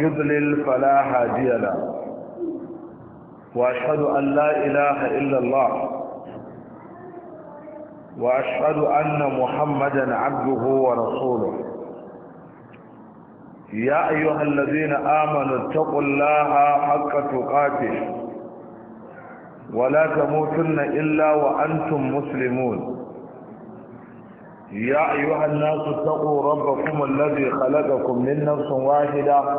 يضلل فلا هادي له واشهد ان لا اله الا الله واشهد ان محمدا عبده ورسوله يا ايها الذين امنوا اتقوا الله حق تقاته ولا تموتن الا وانتم مسلمون يا ايها الناس اتقوا ربكم الذي خلقكم من نفس واحده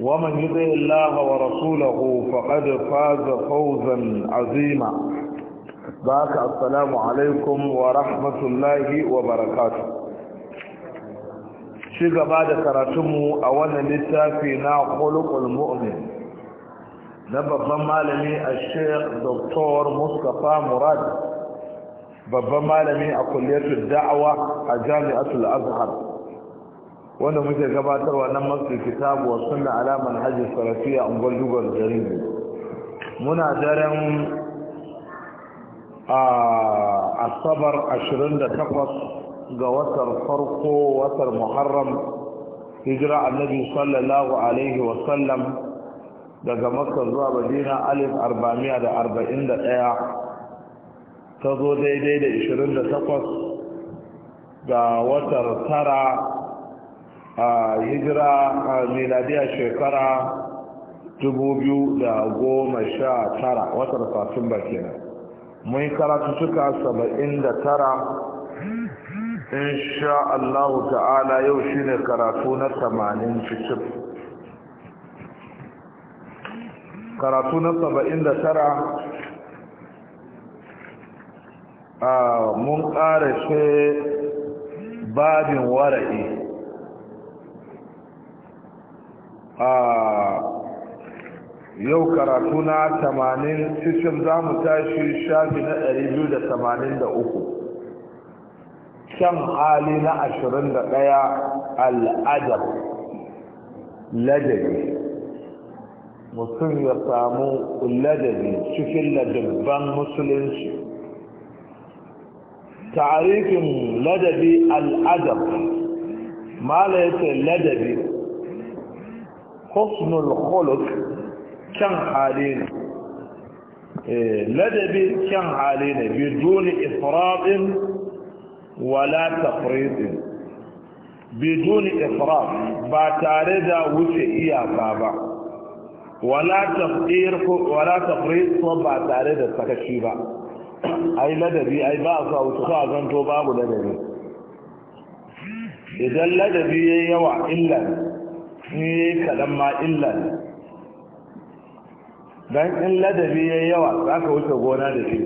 ومن يطع الله ورسوله فقد فاز فوزا عظيما باك السلام عليكم ورحمة الله وبركاته شيخ بعد كراتم أولا لسا لتافينا خلق المؤمن نبقى مالمي الشيخ دكتور مصطفى مراد babban malami a kulliyatul da'awa a wanda muke gabatarwa nan masu kitabu wa suna alaman hajji sarafiya a dugar jaribu muna daren a asabar 28 ga watar farko watar muharram hijira annabi sallallahu alaihi wasallam daga makka zuwa madina alif 441 ta zo daidai da 28 ga watar tara a hijira miladiya shekara 2019 watar satumba kenan mun karatu suka 79 insha Allah ta'ala yau shine karatu na 80 cikin karatu na 79 a mun ƙara ce babin wara'i yau karatu na 80 cikin za mu tashi shafi na 283 can hali na 21 al'adar ladabi mutum ya samu ladabi cikin ladabban musulunci tarihin ladabi al'adar, mala ya ce ladabi husnul khuluq kyan hali ne eh, ladabi kyan hali ne biduni ifratin wala tafritin biduni ifrat ba tare da wuce iyaka ba wala tafqir wala tafrit ko ba tare da sakaci ba ai ladabi ai ba sa wuce ko zanto babu ladabi idan ladabi yayi yawa illa ni kaɗan ma illa ne don in ladabi ya yawa za ka wuce gona da shi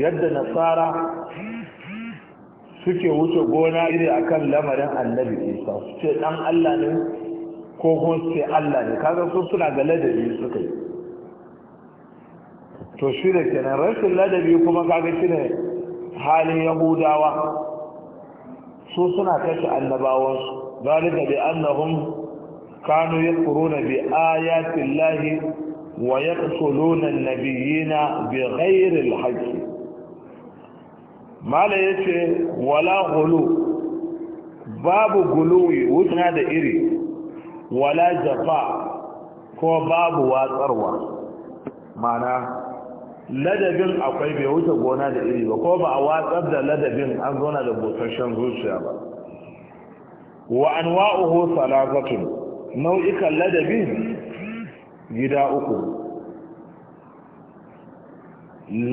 yadda nasara suke wuce gona iri akan lamarin annabi isa su ce ɗan allah ne ko kun su ce allah ne kaga su suna ga ladabi suka yi to shi da kenan rashin ladabi kuma kaga shi ne halin yahudawa su suna kashe annabawansu zalika bi annahum kanu yakfuruna bi ayati llahi wa yaqtuluna an-nabiyina bi ghairi al-haqq mala yace wala ghulu babu guluwi wuta da iri wala ko babu watsarwa ladabin akwai bai wuce gona da iri ba ko ba a watsar da ladabin an zona da busasshen zuciya ba wa anwa'uhu salafatun nau'ikan ladabi gida uku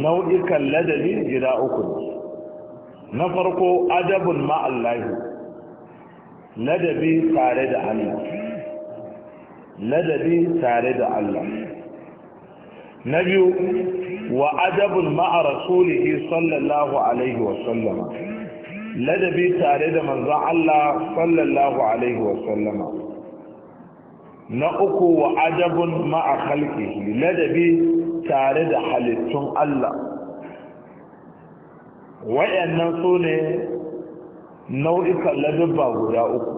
nau'ikan ladabi gida uku na farko adabun ma'allahi ladabi tare da Allah ladabi tare da Allah na biyu wa adabun ma'a rasulihi sallallahu alaihi wasallama ladabi tare da manzon Allah sallallahu alaihi wa sallama na uku wa adabun ma'a khalqihi ladabi tare da halittun Allah wayannan sune nau'ikan ladabba guda uku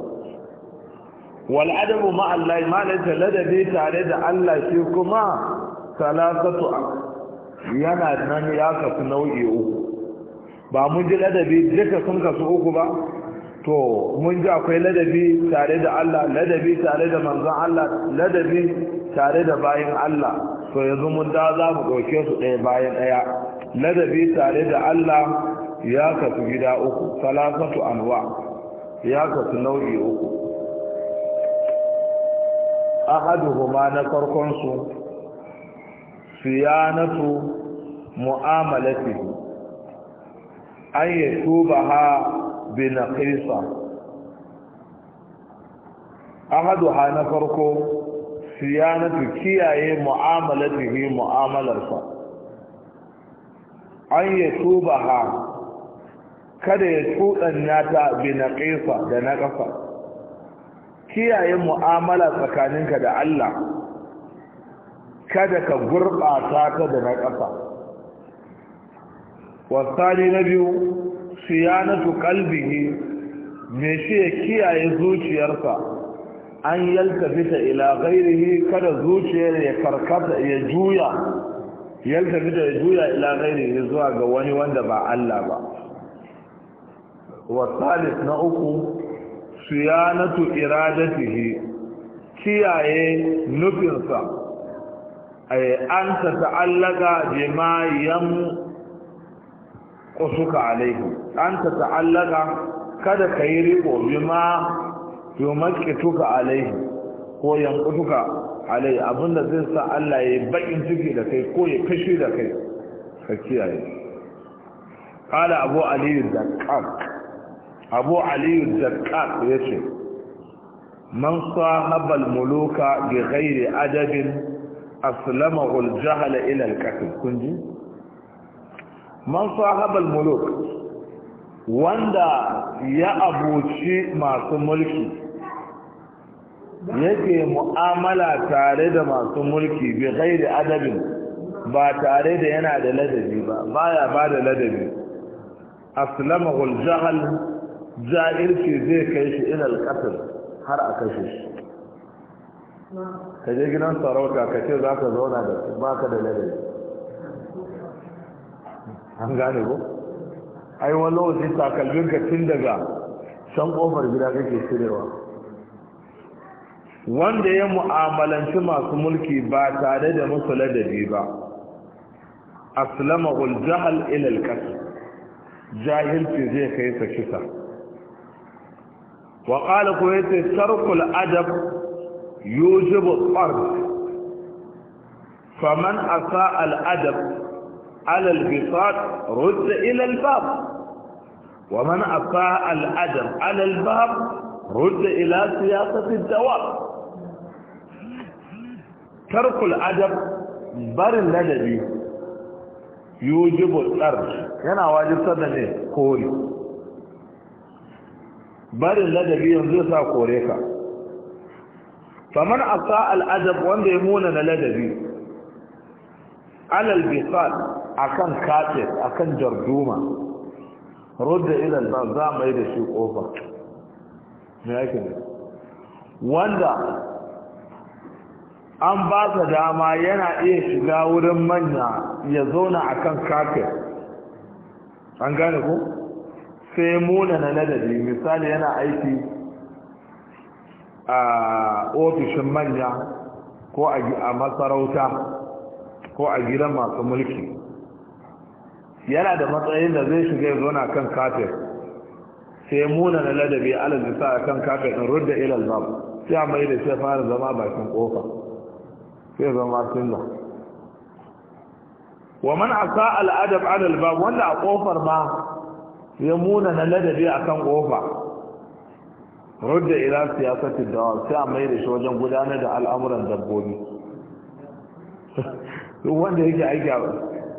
wal adabu ma'a Allah ma ladabi tare da Allah shi kuma salasatu yana nan ya kasu nau'i uku ba mun ji ladabi duka sun kasu uku ba to mun ji akwai ladabi tare da Allah ladabi tare da manzon Allah ladabi tare da bayin Allah to yanzu mun da za mu ɗauke su ɗaya bayan ɗaya ladabi tare da Allah ya kasu gida uku salasatu anwa ya kasu nau'i uku ahaduhuma na farkon su siyanatu mu'amalatihi an yi tuba ha bi na ƙisa ahadu ha na farko siyanatu kiyaye mu'amalatihi mu'amalarsa an yi tuba ha kada ya cuɗanya ta bi na ƙisa da na ƙasa kiyaye mu'amala tsakaninka da Allah kada ka gurɓata ta da na ƙasa wasani na biyu siyanatu kalbihi me shi ya kiyaye zuciyarsa an yaltafita ila ghairihi kada zuciyar ya karkata ya juya yaltafita ya juya ila ghairihi zuwa ga wani wanda ba Allah ba wasalis na uku siyanatu iradatihi kiyaye nufinsa an ta ta'allaka bima yam usuka alaihi an ta ta'allaka kada ka yi riko bima tuka alaihi ko yankutuka alaihi abinda zai sa Allah ya yi baƙin ciki da kai ko ya kashi da kai ka kiyaye qala abu aliyu zakkar abu ali zakkar yace man sahaba al muluka bi ghairi adabin aslamahu al jahala ila al qatl kunji man sahabal muluk wanda ya abuci masu mulki yake mu'amala tare da masu mulki bi ghairi adabin ba tare da yana da ladabi ba baya ba da ladabi aslamahu al-jahl jahilci zai kai shi ila al har a kashe shi kaje gidan sarauta kace zaka zauna da baka da ladabi an gane ko ai takalmin ka tun daga san kofar gida kake cirewa wanda ya mu'amalanci masu mulki ba tare da musu ladabi ba aslama ul jahal ila al jahilci zai kai sa kisa wa qala ko yace tarkul adab yujibu tsar faman asa al adab على البساط رد إلى الباب ومن أفاء الأدب على الباب رد إلى سياسة الدواب ترك الأدب بر الندبي يوجب الأرض هنا واجب صدني كوري بر الندبي ينزل كوريكا فمن أفاء الأدب وانده يموننا لدبي على البساط akan kafet akan jarduma rudda idan ba za mai da shi kofa me yake wanda an ba ka dama yana iya shiga wurin manya ya zauna akan kafet an gane ko sai muna na ladabi misali yana aiki a ofishin manya ko a masarauta ko a gidan masu mulki yana da matsayin da zai shiga zona kan kafir sai muna na ladabi alal bisa akan kafir in rudda ila al-bab sai a mai da sai fara zama bakin kofa sai zama sunna wa man asa al-adab ala al-bab wanda a kofar ma ya muna na ladabi akan kofa rudda ila siyasati dawa sai a mai da shi wajen gudanar da al'amuran dabbobi duk wanda yake aiki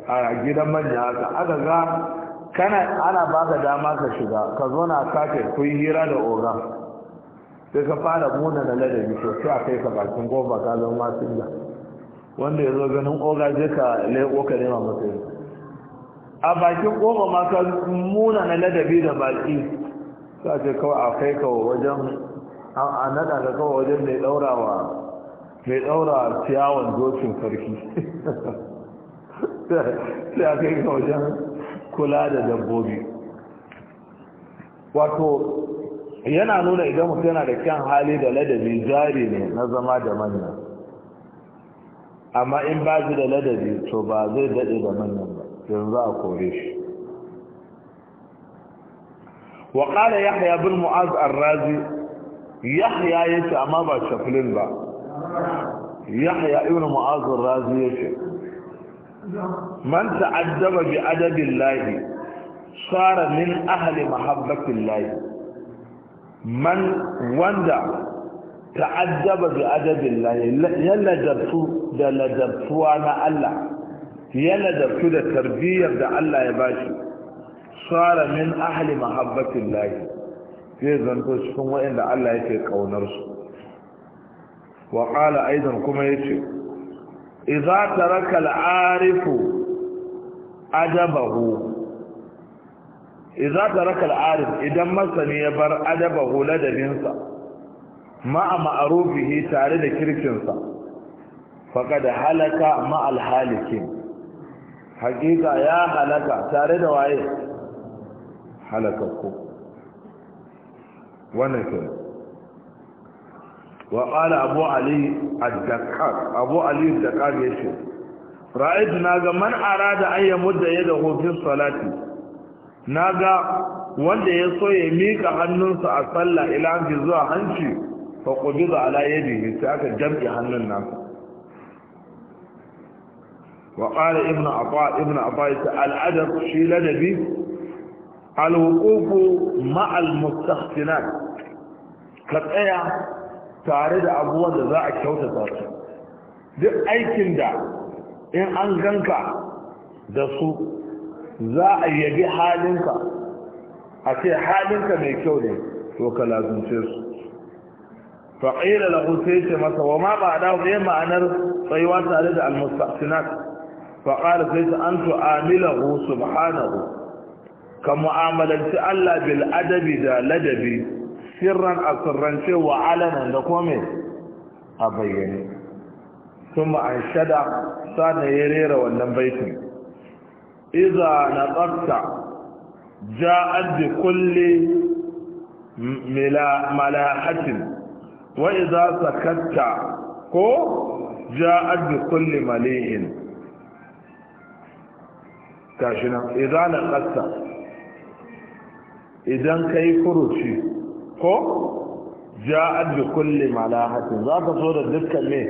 a gidan manya haka aka ga kana ana baka dama ka shiga ka zo na kake ku yi hira da oga sai ka fara muna da ladabi to sai a kai ka bakin goma ka zama masu wanda ya zo ganin oga zai ka laiko ka nema masa a bakin goma ma ka muna na ladabi da baki sa ce kawai a kai ka wajen a nada ka kawai wajen mai daurawa mai daura ciyawan dokin sarki sai a kai kula da dabbobi wato yana nuna idan mutum yana da kyan hali da ladabi jari ne na zama da manya amma in ba shi da ladabi to ba zai daɗe da manyan ba yanzu a kore shi wa ƙala yahya bin mu'az ar-razi yahya yace amma ba shaflin ba yahya ibn mu'az ar-razi yace man ta'addaba bi adabillahi sara min ahli mahabbatillahi man wanda ta'addaba bi adabillahi ya ladabtu da ladabtuwa na Allah ya ladabtu da tarbiyyar da Allah ya bashi sara min ahli mahabbatillahi zai zanto cikin waɗanda Allah yake kaunar su wa qala aidan kuma yace iza taraka al-arifu adabahu iza taraka al-arif idan masani ya bar adabahu ladabinsa ma'a ma'rufihi tare da kirkinsa faqad halaka ma'al halikin haqiqa ya halaka tare da waye halaka halakakku wannan kenan وقال أبو علي الدكار أبو علي الدكار يشير رأيت an من mudda أن da يده salati na ga wanda ya so ya mika hannunsa a sallah ila hanci zuwa hanci fa qubida ala yadihi sai aka jam'i hannun nasa wa qala ibn afa ibn afa al adab shi ladabi al wuqufu maal mustahsinat ka tsaya tare da abubuwan da za a kyautata su duk aikin da in an ganka da su za a yabi halinka a ce halinka mai kyau ne to ka lazunce su faƙira da sai ce masa wa ma ba da ne ma'anar tsayuwa tare da almustafinat faƙara sai ta an tu'amilahu subhanahu ka mu'amalanci Allah bil adabi da ladabi sirran a sirrance wa alanan da kome a bayyane Kuma an shada sa'adda ya rera wannan baitin iza na tsafta ja bi kulle malahatin wa iza sakatta ko ja bi kulle malihin gashi nan iza na tsafta idan ka yi furuci ko ja'ad bi kulli malahati za ka so da dukkan ne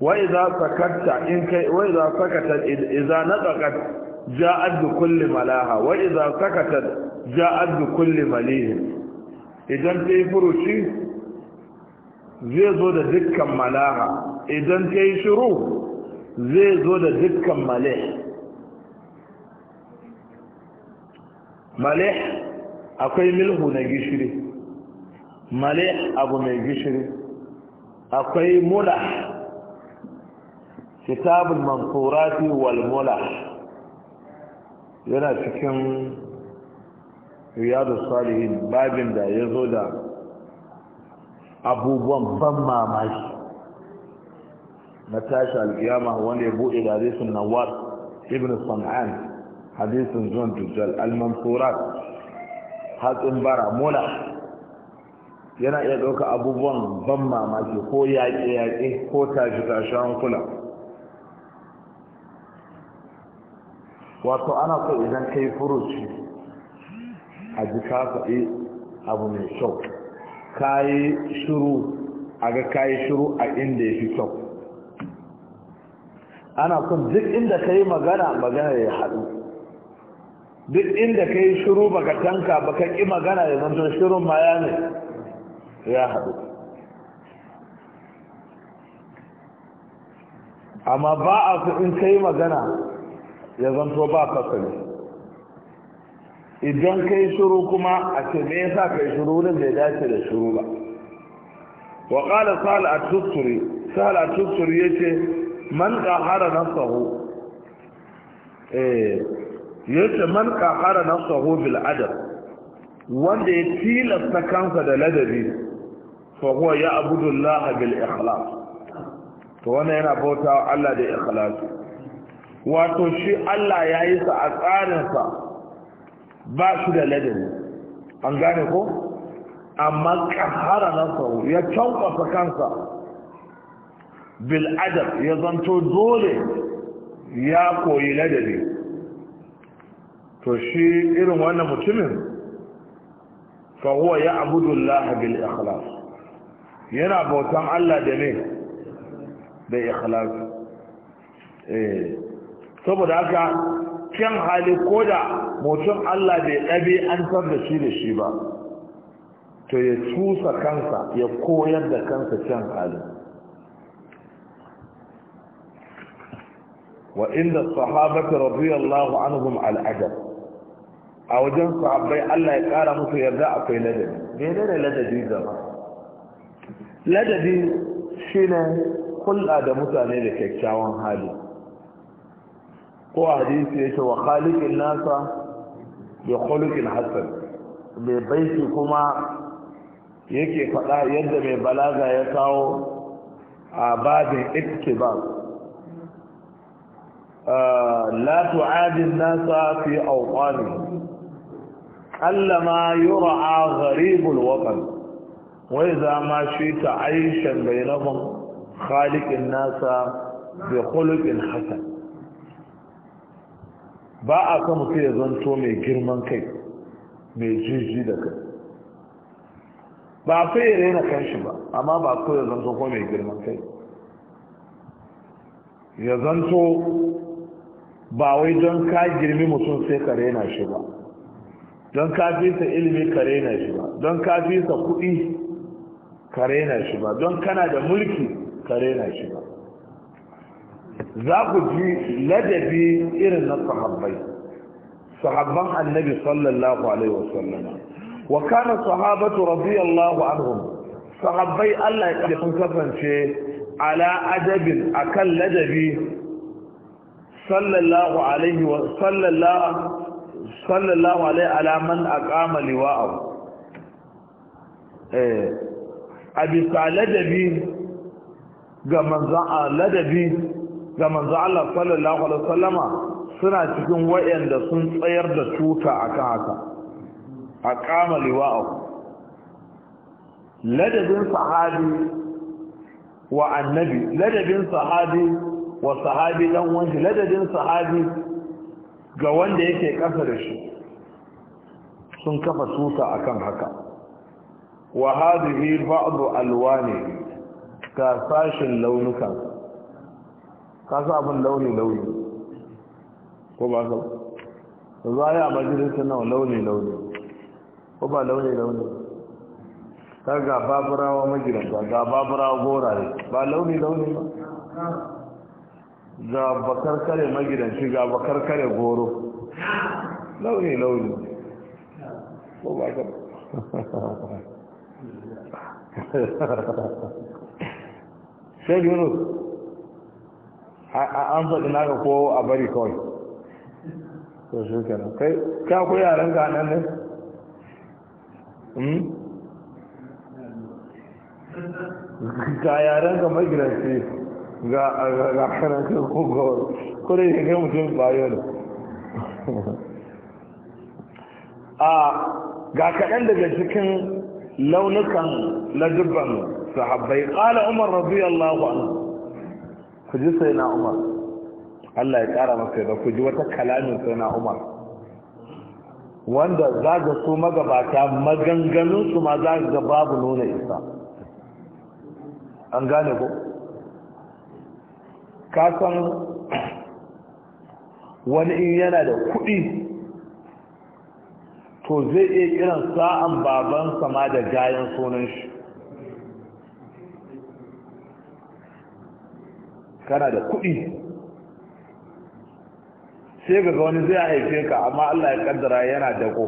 wa idza sakata in kai wa idza sakata idza nadaqat ja'ad bi kulli malaha wa idza sakata ja'ad bi kulli malihin idan kai furuci zai zo da dukkan malaha idan kai shuru zai zo da dukkan malih malih akwai milhu na gishiri male abu mai gishiri akwai mula kitabul mansurati wal mula yana cikin riyadu salihin babin da ya zo da abubuwan ban mamaki na tashi alkiyama wanda ya buɗe da hadisun nawar ibn san'an hadisun zuwan dujjal al-mansurat hatsin bara Mola yana iya ɗauka abubuwan ban mamaki ko yaƙe-yaƙe ko tashi-tashi kula wato ana so idan ka yi furuci a ji ka faɗi abu mai kyau ka yi shuru a ga ka yi shuru a inda ya fi kyau ana kun duk inda ka yi magana magana ya haɗu duk inda ka yi shuru baka tanka baka ƙi magana ya zanto shirin ma ya ne ya haɗu amma ba a su in ka yi magana ya zanto ba fasali idan ka yi shuru kuma a ce me yasa ka yi shuru wurin bai dace da shuru ba wa ƙala sahal a tutturi sa'al a tutturi ya ce man ƙahara na sahu. Eh, yace man qahara nafsahu bil adab wanda ya tilasta kansa da ladabi fa huwa ya'budu Allah bil ikhlas to wannan yana bautawa Allah da ikhlas wato shi Allah yayi sa a tsarin sa ba shi da ladabi an gane ko amma qahara sahu ya tankwasa kansa bil adab ya zanto dole ya koyi ladabi to shi irin wannan mutumin fa ya ya'budu Allah bil ikhlas yana bautan Allah da ne da ikhlas eh saboda haka kyan hali koda mutum Allah bai dabi an tar da shi da shi ba to ya tusa kansa ya koyar da kansa kyan hali wa inda sahabata radiyallahu anhum al-adab a wajen sahabbai Allah ya kara musu yarda akwai ladabi menene ladabi zama ladabi shine kulɗa da mutane da kyakkyawan hali ko hadisi yake wa khaliqin nasa bi khuluqin hasan mai baiti kuma yake faɗa yadda mai balaga ya kawo a babin ba. la tu'adil nasa fi awqani allama yura'a gharibul waqan wai zama ma shita aishan bainahum khaliqin nasa bi khuluqin hasan ba a mutu ya zanto mai girman kai mai jiji da kai ba fa ya raina kanshi ba amma ba ko ya zanto ko mai girman kai ya zanto ba wai don ka girmi mutum sai ka raina shi ba don ka fi sa ilimi kare na shi ba don ka fi sa kuɗi kare na shi ba don kana da mulki kare na shi ba za ku ji ladabi irin na sahabbai sahabban annabi sallallahu alaihi wasallama wa kana sahabatu radiyallahu anhum sahabbai Allah ya kada sun kasance ala adabin akan ladabi sallallahu alaihi wa sallallahu sallallahu alaihi ala man aqama liwa'ahu eh abi saladabi ga manzo ladabi ga manzo Allah sallallahu alaihi wasallama suna cikin wayanda sun tsayar da tuta akan haka aqama liwa'ahu ladabin sahabi wa annabi ladabin sahabi wa sahabi dan wani ladabin sahabi ga wanda yake ƙasa da shi sun kafa tuta akan haka wa hadhihi ba'du alwani ka fashin launuka ka sa abun launi launi ko ba sa za a majalisar nawa launi launi ko ba launi launi ta ga baburawa magidanta ga baburawa goraye ba launi launi ba ga bakar kare magidanci ga bakar kare goro launi launi ko ba ka sai yunus an faɗi naka ko a bari kawai ko shi kenan kai ka ku yaran ka nan ne hmm? ga yaran ka magidanci ga ranar kogowar kudai ya kai mutum bayo ne a ga kaɗan daga cikin launukan ladubban sahabbai ƙala umar radiyallahu anhu ku ji sai na umar Allah ya ƙara masa yadda ku ji wata kalamin sai na umar wanda za ga su magabata maganganunsu ma za ga babu nuna isa an gane ku? kasan wani in yana da kuɗi to zai iya kiran sa'an babansa ma da gayan sunan shi kana da kuɗi sai ga wani zai haife ka amma Allah ya kaddara yana dako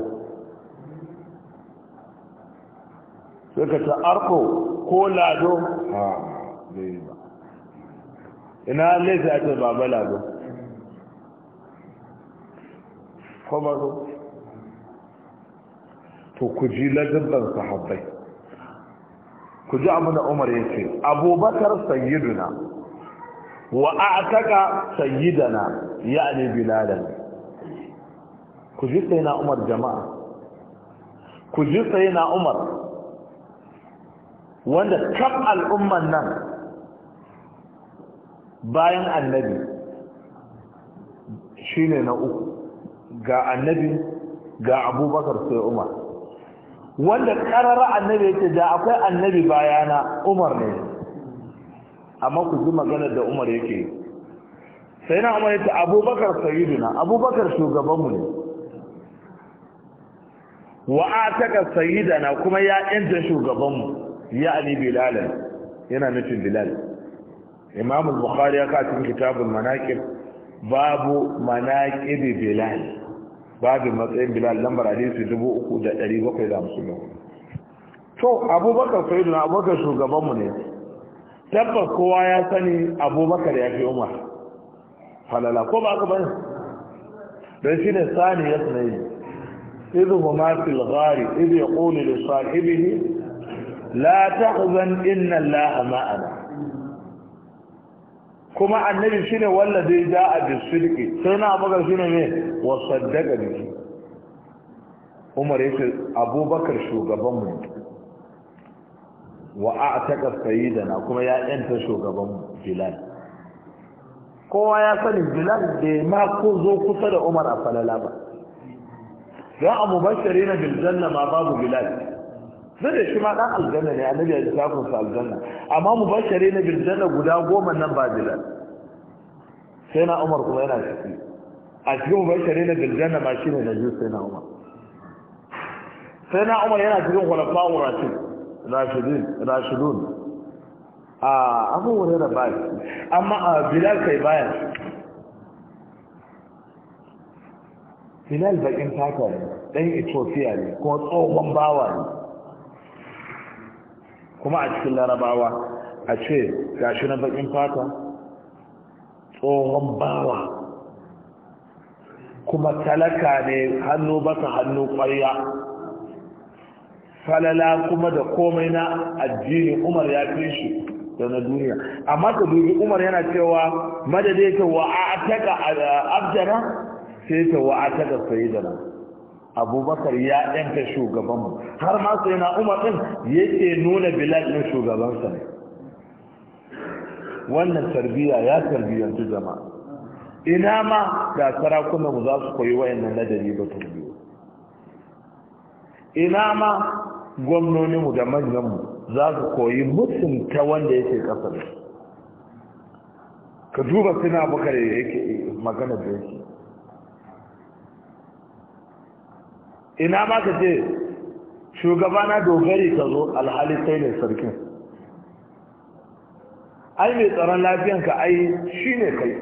sai ka ta arko ko lado ha zai ba ina laifi a ce ba? lado kwamaro to ku ji ladabban sahabbai ku ji abu da umar ya ce abubakar sayyiduna wa a taka sayyidana ya ne biladan ku ji sai na umar jama'a ku ji sai na umar wanda kam al'umman nan bayan annabi shi ne na uku ga annabi ga abubakar sai umar wanda karara annabi yake da akwai annabi bayana umar ne amma ku ji maganar da umar yake sai na umar yake abubakar sayiduna abubakar shugabanmu ne wa ataka sayidana kuma ya yanta shugabanmu ya ali bilal yana nufin bilal imam bukhari ya kawo cikin kitabul manaqib babu manaqib bilal babu matsayin bilal lambar hadisi 3750 to abubakar sayyidina abubakar shugabanmu ne tabbas kowa ya sani abubakar ya fi umar falala ko ba ka bane dan shine sani ya sani idhu huma fil ghari idh yaqulu li sahibihi la tahzan inna allaha ma'ana kuma annabi shine wanda zai ja a bisidiki sai na abubakar shine ne wa saddaka ne umar ya ce abubakar shugabanmu wa a da na kuma ya yanta shugaban bilal kowa ya sani bilal da ma ko zo kusa da umar a falala ba don abu bashari na ma babu bilal Sai da shi ma ɗan aljanna ne annabi ya lissafin sa aljanna amma mu bashare na birjanna guda goma nan ba bilal sai na umar kuma yana ciki a cikin mu bashare na birjanna ma ne na biyu sai na umar sai na umar yana cikin kwalafa rashid rashidin rashidun a abubuwan da ba amma a bilal kai bayan bilal bakin taka ne ɗan ethiopia ne kuma tsohon bawa ne kuma a cikin larabawa a ce ga shi na bakin fata tsohon bawa kuma talaka ne hannu baka hannu kwarya falala kuma da komai na addini umar ya fi shi da na duniya amma ka dubi umar yana cewa madadai ta wa'ataka a taka sai ta wa'ataka sayidana abubakar ya ɗanka shugabanmu har ma sai na umar ɗin yake nuna bilal ɗin shugabansa ne wannan tarbiyya ya tarbiyyantu zama. ina ma da sarakunanmu za su koyi wayannan ladabi ba turbiyo ina ma gwamnoninmu da manyanmu za su koyi mutunta wanda yake ƙasar? ka duba suna bukari yake magana da yake ina ma ka ce shugabana dogari ka zo alhali sai ne sarkin ai mai tsaron lafiyanka ai shi ne kai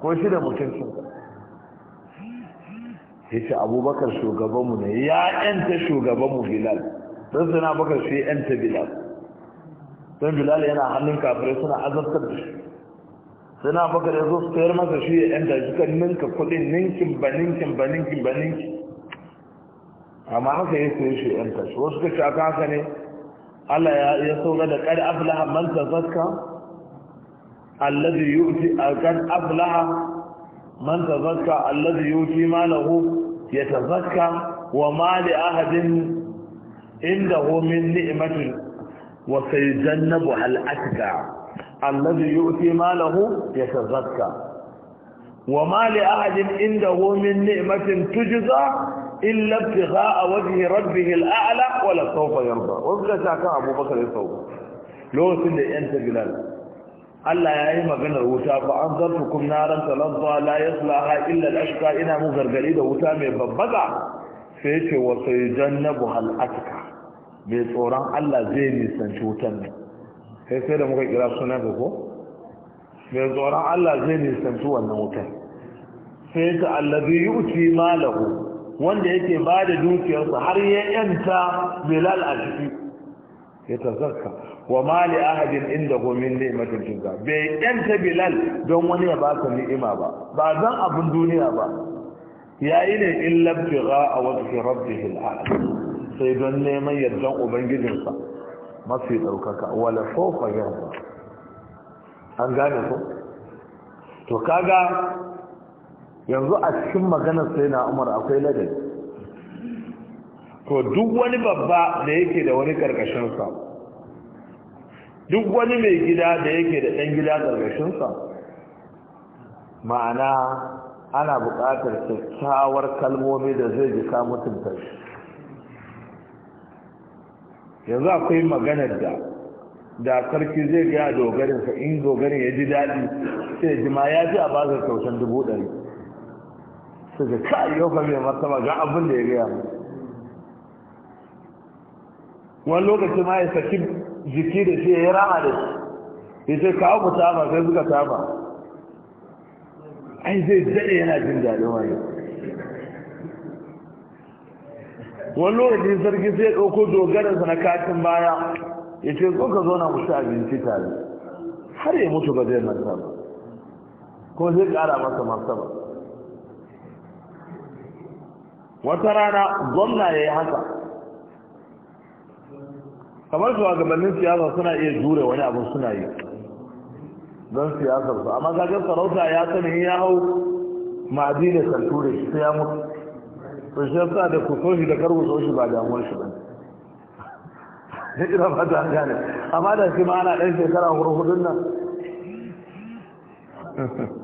ko shi da mutuncinka ya ce abubakar shugabanmu ne ya yanta shugabanmu bilal don suna bakar shi yanta bilal don bilal yana hannun kafirai suna azabtar da shi suna bakar ya zo su tayar masa shi ya yanta shi ninka kudin ninkin ba ninkin ba ninkin ba ninkin amma haka ya koyi shi yan tashi wasu ka ce aka haka ne Allah ya sauka da kad aflaha man tazakka alladhi yu'ti kad aflaha man tazakka alladhi yu'ti malahu yatazakka wa ma li ahadin indahu min ni'matin wa sayyidannabu al atqa alladhi yu'ti malahu yatazakka wa ma li ahadin indahu min ni'matin tujza illa ibtigha'a wajhi rabbih al'a'la wa la sawfa yarda wanda ta kan abubakar ya sauka lokacin da yanta bilal Allah ya yi maganar wuta fa an zartukum naran talazza la yaslaha illa al-ashqa ina mu gargari da wuta mai babbaga sai ce wa sayyidannabu hal atka mai tsoron Allah zai nisanci wutan ne sai sai da muka kira sunan ko mai tsoron Allah zai nisanci wannan wutan sai ta allazi yuti malahu wanda yake ba da dukiyarsa har ya yanta bilal a ciki ya tazarka wa mali ahadin inda gomin ni'matin jinza bai yanta bilal don wani ya baka ni'ima ba ba zan abin duniya ba yayi ne in labtiga a wasu rabbihil a'la sai don neman yardan ubangijinsa mafi ɗaukaka wala fofa yarda an gane ko to kaga yanzu a cikin maganar sai na umar akwai ladabi to duk wani babba da yake da wani karkashinsa duk wani mai gida da yake da ɗan gida karkashinsa ma'ana ana buƙatar kyakkyawar kalmomi da zai ji ka mutunta shi yanzu akwai maganar da da sarki zai gaya dogarinsa in dogarin ya ji daɗi sai ji ya ji a bazar kyautan dubu ɗari su ga kai yau fa mai martaba ga abin da ya gaya wani lokaci ma ya saki jiki da shi ya yi rama da shi ya ce kawo mu tafa sai suka tafa ai zai daɗe yana jin daɗin wani wani lokaci sarki sai ya ɗauko dogaransa na katin baya ya ce ko ka zo na musu abinci tare har ya mutu ba zai martaba ko zai ƙara masa martaba wata rana gwamna ya yi haka kamar shugabannin siyasa suna iya jure wani abin suna yi don siyasar su amma kagar sarauta ya sani ya hau ma'adi da kalture shi ya mutu to shi yasa da ku soshi da karbu soshi ba damuwar shi ba ne ina ba ta gane amma da shi ma ana ɗan shekara hurhudun nan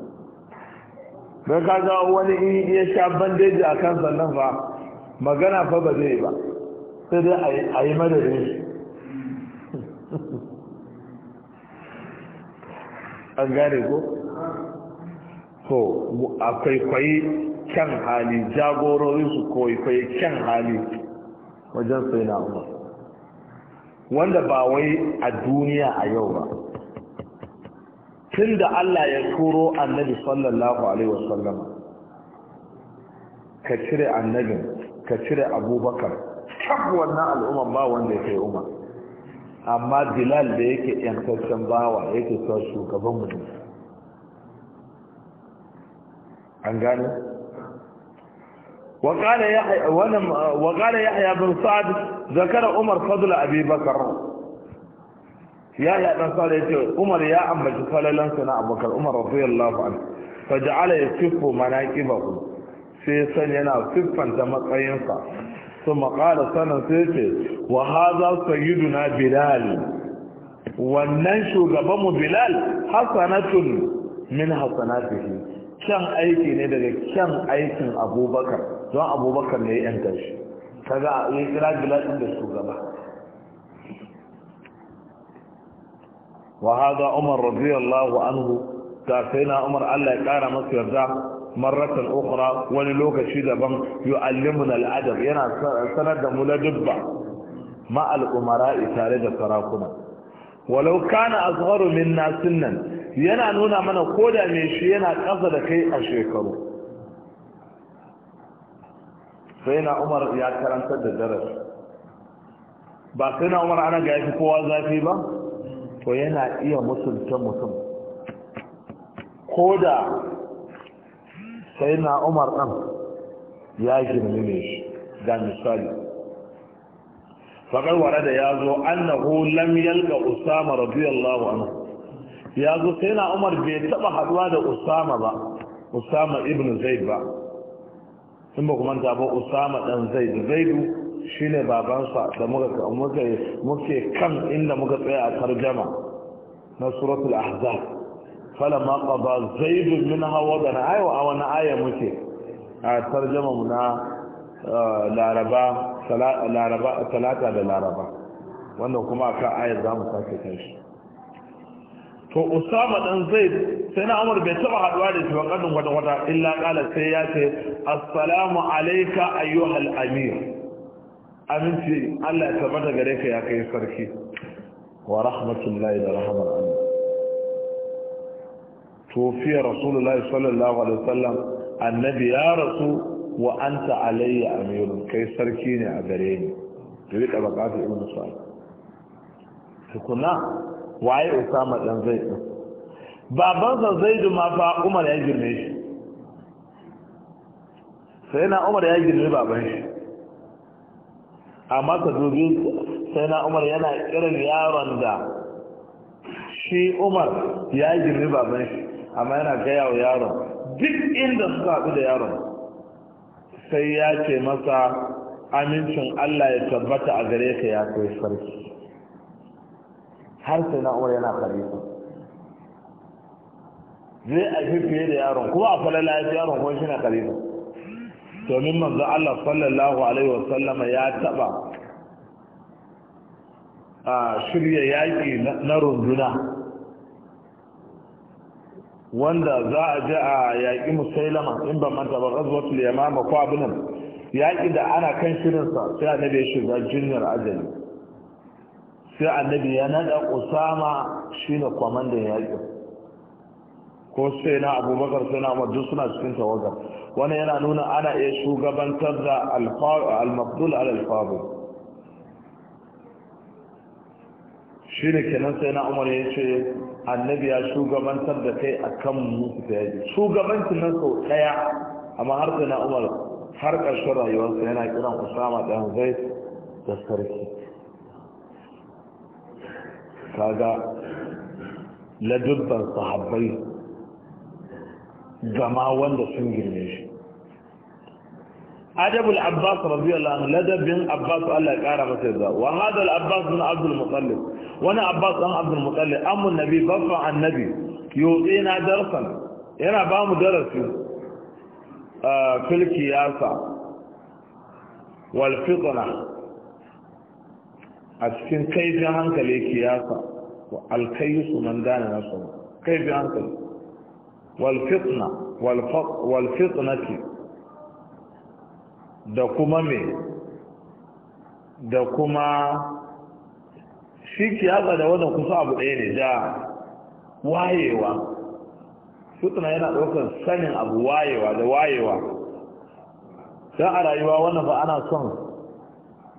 don kaga wani in ya sha bandeji a kan sannan fa magana fa ba zai ba sai dai a yi madadin shi an gane ko? ko a kwaikwayi kyan hali jagororin su kwaikwayi kyan hali wajen sai na umar wanda ba wai a duniya a yau ba tun da Allah ya turo annabi sallallahu alaihi wasallam ka cire annabin ka cire abubakar kaf wannan al'umman ba wanda ya kai umar amma bilal da yake yankaccen bawa yake sa shugaban mutum an gane وقال يحيى, وقال يحيى بن سعد ذكر عمر فضل أبي ya ya dan sala yace Umar ya ambaci falalan na Abubakar Umar radiyallahu anhu faj'ala yasifu manaqibahu sai san yana siffanta matsayinsa ثم قال sanan sai ce wa yi sayyiduna bilal wannan shugaban mu bilal hasanatun min hasanatihi kyan aiki ne daga kyan aikin abubakar don abubakar ne ya yanta shi kaga yi kira bilal din da shugaba وهذا عمر رضي الله عنه كان عمر الله يقرا مصر يرضى مرة أخرى وللوك شيدة بان يعلمنا الأدب ينا سند ملجبة مع الأمراء تارد سراكنا ولو كان أصغر منا سنا ينا نونا من قولا من ينا قصد كي أشيكرو فينا عمر يا كرم سد الدرس ba عمر أنا umar ana ga kowa zafi ba to yana iya mutunta mutum ko da sai na umar ɗan ya girmi ne shi ga misali faƙarware da ya zo annahu lam yalga usama radiyallahu anhu ya zo sai na umar bai taɓa haɗuwa da usama ba usama ibn zaid ba in ba kuma ta ba usama ɗan zaid zaidu Shi ne babansa da muke kan inda muka tsaya a tarjama na suratul ahzab falamma qada zaid min hawadan aywa a wani aya muke a tarjama mu na laraba laraba talata da laraba wanda kuma akan ayar zamu sake kai shi to usama dan zaid sai na umar bai taba haduwa da shi ba kadin kwata kwata illa kala sai ya ce assalamu alayka ayyuhal amir aminci Allah ya tabbata gare ka ya kai sarki wa rahmatullahi wa rahmar Allah tofiya rasulullahi sallallahu alaihi wasallam annabi ya rasu wa anta alayya amirun kai sarki ne a gare ni dole ka baka ta ibnu sa'id tukuna waye usama dan zaid babansa zaid ma fa umar ya girme shi sai na umar ya girme baban shi amma ka dubi sai na umar yana irin yaron da shi umar ya girmi baban shi amma yana gaya wa yaron duk inda suka haɗu da yaron sai ya ce masa amincin Allah ya tabbata a gare ka ya kai sarki har sai na umar yana khalifa zai a fiye da yaron kuma a falala ya yaron kuma shi na khalifa domin manzo Allah sallallahu alaihi wasallama ya taba a shirya yaƙi na runduna wanda za a ji a yaƙi musailama in ba manta ba ghazwatul yamama ko abunan yaƙi da ana kan shirinsa sai annabi ya shiga jinyar ajali sai annabi ya naɗa usama shine kwamandan yaƙin ko sai na abubakar sai na umar duk suna cikin tawagar wani yana nuna ana iya shugabantar da al-mafdul al-alfabu shi ne kenan sai na umar ya ce annabi ya shugabantar da kai akan musu ta yaji shugabancin nan sau ɗaya amma har sai na umar har ƙarshen rayuwarsa yana kiran usama ɗan zai da sarki kaga ladubban sahabbai gama wanda sun girme shi adabul abbas radiyallahu anhu ladabin abbas Allah ya kara masa yarda wa hada al abbas bin abdul muttalib wani abbas dan abdul muttalib amun nabi baffa annabi yutina darsan yana ba mu darasi fil kiyasa wal fitna a cikin kaifin hankali kiyasa wa alkayyisu man dana nasu kaifin hankali walfitna walfitnati da kuma me da kuma shi kiyasa da wannan kusa abu ɗaya ne da wayewa fitna yana ɗaukar sanin abu wayewa da wayewa don a rayuwa wannan ba ana son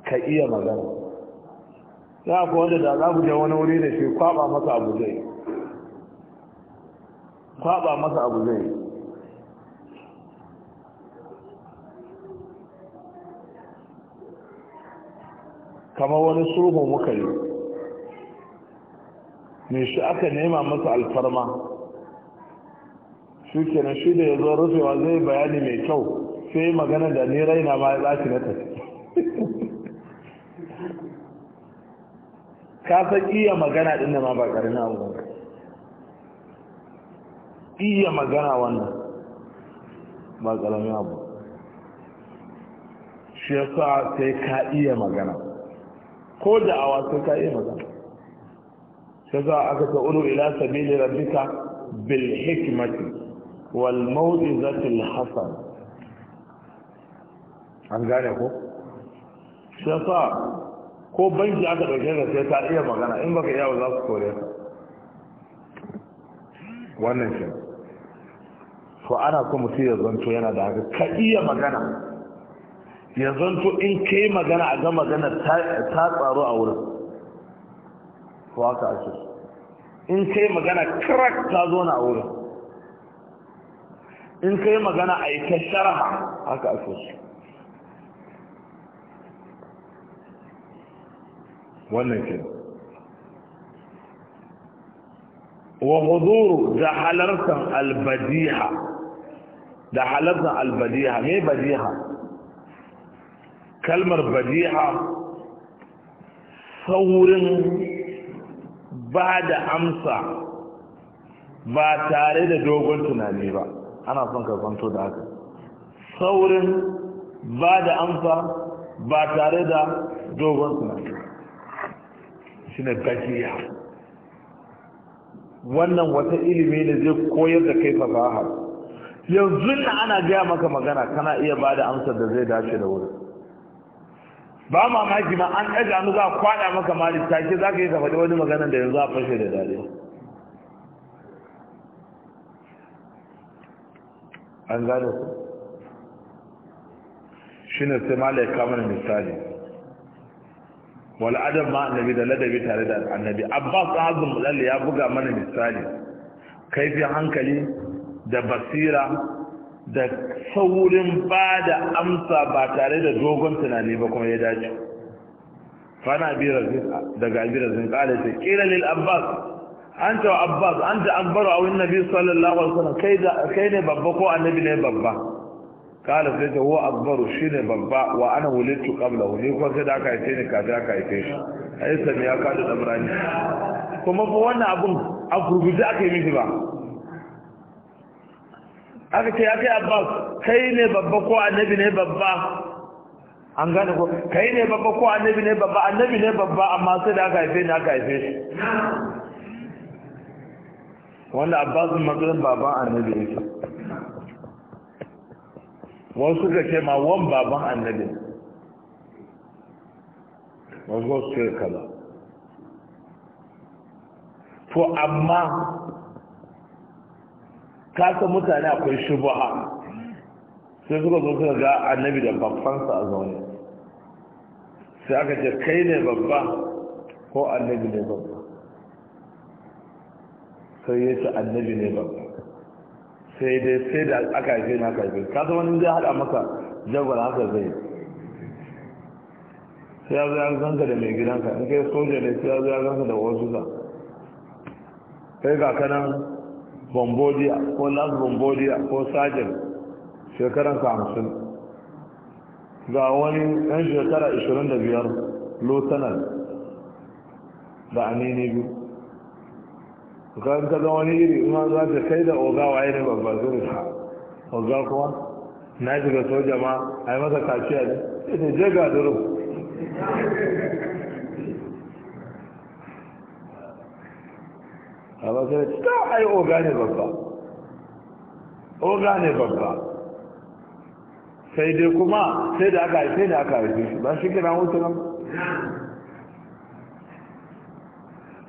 ka iya magana za ku wanda da za ku je wani wuri da shi kwaba masa abu zai kwaba masa abu zai kama wani sulhu muka yi mai shi aka nema masa alfarma shi na shi da ya zo rufewa zai bayani mai kyau sai magana da ni raina ma ya na tafi ka san iya magana ɗin da ma ba ƙarin abubuwan iya magana wannan ba ƙaramin abu shi ya sa sai ka iya magana ko da'awa sai ka iya magana shi ya sa aka uru ila sabili rabbika bil hikmati wal mau'izatil hasan an gane ko shi ya sa ko banki aka ɗauke ka sai ka iya magana in baka iya ba za su kore ka wannan shi to ana kuma sai ya zanto yana da haka ka iya magana ya zanto in ka yi magana a ga magana ta tsaro a wurin to haka ake in ka yi magana crack ta zo na a wurin in ka yi magana a yi ta sharaha haka ake wannan ke وحضور huzuru da halartar da halartar albadiha me badiha kalmar badiha saurin ba da amsa ba tare da dogon tunani ba ana son karfanto da haka saurin ba da amsa ba tare da dogon tunani shi ne badiha wannan wata ilimi ne zai koyar da kai fasaha yanzu na ana gaya maka magana kana iya ba da amsar da zai dace da wuri ba mamaki ma an ɗaga mu za a kwaɗa maka ma take za ka yi ka faɗi wani magana da yanzu a fashe da dare. an gane ku shi ne sai malai kamar misali wal'adar ma annabi da ladabi tare da annabi abbas azum lalli ya buga mana misali kaifin hankali da basira da saurin ba da amsa ba tare da dogon tunani ba kuma ya dace fana bira daga bira zin kala ce kira lil abbas an ta abbas an ta akbaru awin nabi sallallahu alaihi wasallam kai da kai ne babba ko annabi ne babba kala sai ta huwa abbaru shine babba wa ana wulitu wa ni ko sai da aka yi ne da aka yi shi ai sami ya kada damrani kuma fa wannan abun a gurguje aka yi miki ba aka ce ya kai abbas kai ne babba ko annabi ne babba an gane ko kai ne babba ko annabi ne babba annabi ne babba amma sai da aka haife ni aka haife shi wanda abbas matsayin baban annabi ne wasu suka ce ma wan baban annabi wasu suka kala to amma kasa mutane akwai shubaha sai suka zo suka ga annabi da babbansa a zaune sai aka ce kai ne babba ko annabi ne babba sai ya ce annabi ne babba sai dai sai da aka yi na aka haife kasa wani zai haɗa maka jagwar haka zai sai ya zai ya da mai gidanka in kai soja ne sai ya zai ya da wasu sa sai ga kanan bombodia ko nas bombodia ko sajin shekaran hamsin ga wani yan shekara 25 lotanar da amini biyu kan ka ga wani iri ma za ta kai da oga wa ne babba zuri ha oga kuma na shiga soja ma a yi masa kaciya ne ita je ga duru amma sai ce ta ai oga ne babba oga ne babba sai dai kuma sai da aka sai da aka haife shi ba shi kira wuce nan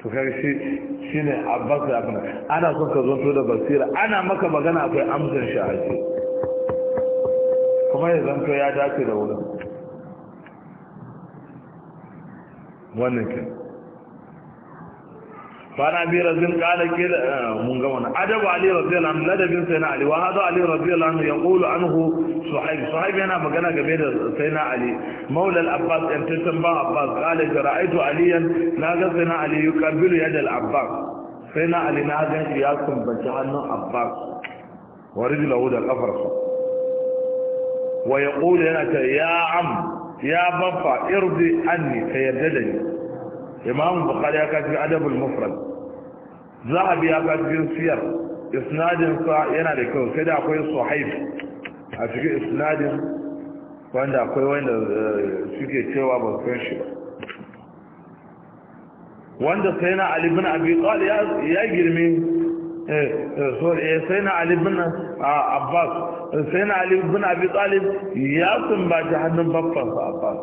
to karshe shi ne abbas da abin ana son ka zonto da basira ana maka magana akwai amsar shi a kuma ya zanto ya dace da wurin wannan kenan فانا ابي رزين قال كده من غونا ادب علي رضي الله عنه ادب سيدنا علي وهذا علي رضي الله عنه يقول عنه صحيح صحيح انا مغنى قبيل سيدنا علي مولى العباس انت بها عباس قال إذا رأيت عليا ناقص سيدنا علي يقبل يد العباس سيدنا علي ناقص ياكم بجهنه عباس ورد له ده قفرصه ويقول هنا يا عم يا بابا ارضي عني فيرددني imam bukhari ya kashi adabul mufrad zahabi ya cikin siyar isnadin sa yana da kyau sai da akwai sahih a cikin isnadin wanda akwai wanda eh, suke cewa ba su shi ba wanda sai na ali bin abi talib ya girme eh, eh, sorry sai na ali bin ah, abbas sai na ali bin abi talib ya ta hannun babban sa abbas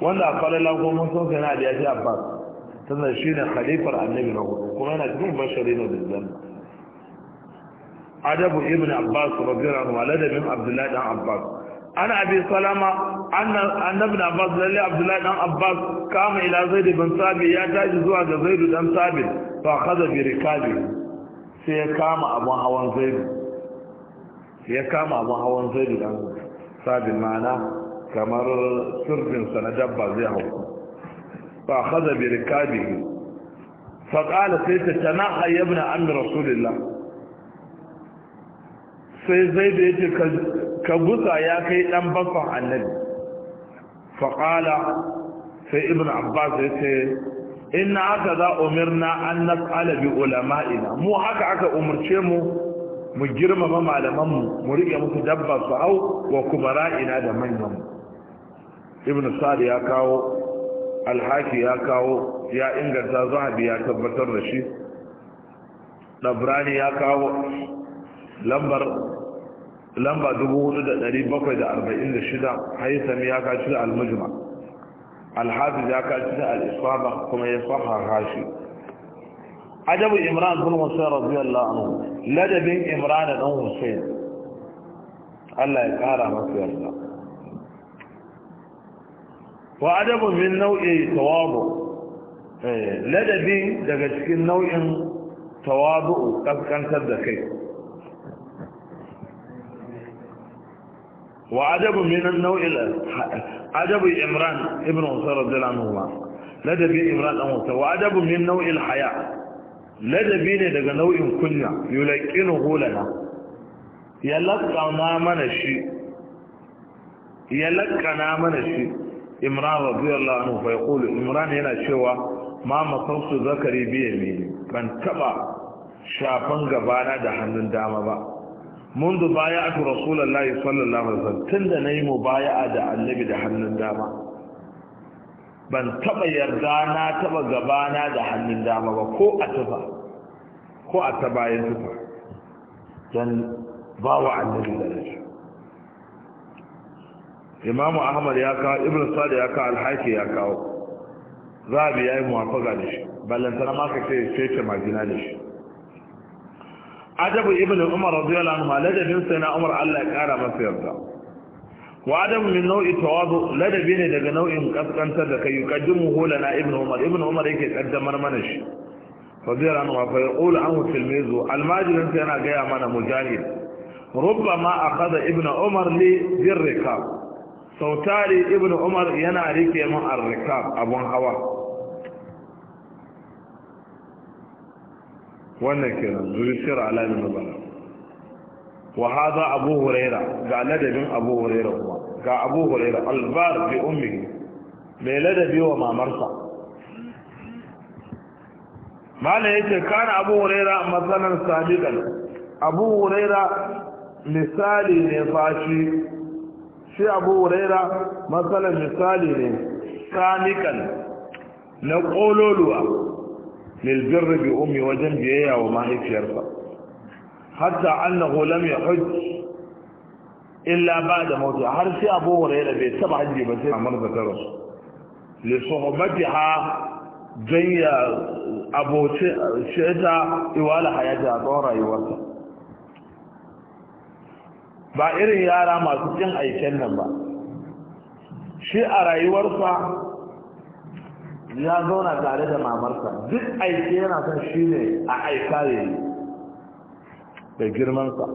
wanda a falalan kuma sun sai na ali ya ce abbas sannan shi ne khalifar annabi na hudu kuma yana cikin bashari na dindin adabu ibn abbas radiyallahu anhu ladabin abdullahi dan abbas ana abi salama annabi na abbas lalle abdullahi dan abbas kama ila zaid bin sabi ya tashi zuwa ga zaid dan sabi fa khadha bi rikabi sai ya kama abun hawan zaid ya kama abun hawan zaid dan sabi mana kamar sirbinsa na dabba zai hau فأخذ بركابه فقال سيسا تناحى يا ابن عم رسول الله سيسا يتي كبسا ياكي عن النبي فقال سي ابن عباس يتي إن هكذا أمرنا أن نسأل بعلمائنا مو هكذا أمرشيمو مجرم مما لمم مريك متدبس أو وكبرائنا دمين ابن صالح يا كاو alhaki ya kawo ya inganta zahabi ya tabbatar da shi dabrani ya kawo lambar lamba 4746 haisam ya kaci da almujma alhaji ya kaci da al'isaba kuma ya sahaha hashi ajabu imran bin husayn radiyallahu anhu ladabin imran dan husayn Allah ya kara masa yarda wa adabu min nau'i tawadu ladabi daga cikin nau'in tawadu kaskantar da kai wa adabu min nau'il adabu imran ibn usar radiyallahu anhu ladabi imran dan usar wa adabu min nau'il haya ladabi ne daga nau'in kunya yulaqinu hulana yalqa mana shi yalqa mana shi imran radiyallahu anhu fa yaqulu imran yana cewa ma makansu zakari bi yamini ban taba shafan gabana da hannun dama ba منذ بايعت رسول الله صلى الله عليه وسلم tunda nayi mubaya'a da annabi da hannun dama ban taba yarda na taba gabana da hannun dama ba ko a tufa ko a tabayin tufa dan bawa annabi da rashi imamu ahmad ya kawo ibn sada ya kawo alhaki ya kawo zabi ya yi muwafaka da shi ballantana ma ka ce cece majina da shi adabu ibn umar radiyallahu anhu ladabin sai na umar Allah ya kara masa yarda wa adabu min nau'i tawadu ladabi ne daga nau'in kaskantar da kai yukaddimu na ibn umar ibn umar yake kaddamar mana shi radiyallahu anhu fa yaqulu anhu tilmizu almajirin sai yana gaya mana mujahid rubbama akhadha ibn umar li dirrika sautari ibn umar yana rike min arrikab abun hawa wannan kenan zurisir alamin nubala wa hadha abu huraira ga ladabin abu huraira kuma ga abu huraira albar bi ummihi mai ladabi wa mamarsa mala yake kana abu huraira masalan sadiqan abu huraira misali ne fashi shi abu huraira matsalar misali ne kanikan na kololuwa lilbirri bi ummi wajen biyayya wa mahaifiyarsa hatta annahu lam yahujj illa ba'da mawti har sai Abu huraira bai taba hajji ba sai Umar da Taras li ha jayya aboce sheta iwala hayata a tsawon rayuwarsa ba irin yara masu cin aiken nan ba shi a rayuwarsa ya zauna tare da mamarsa duk aiki yana son shi ne a aika ne da girmansa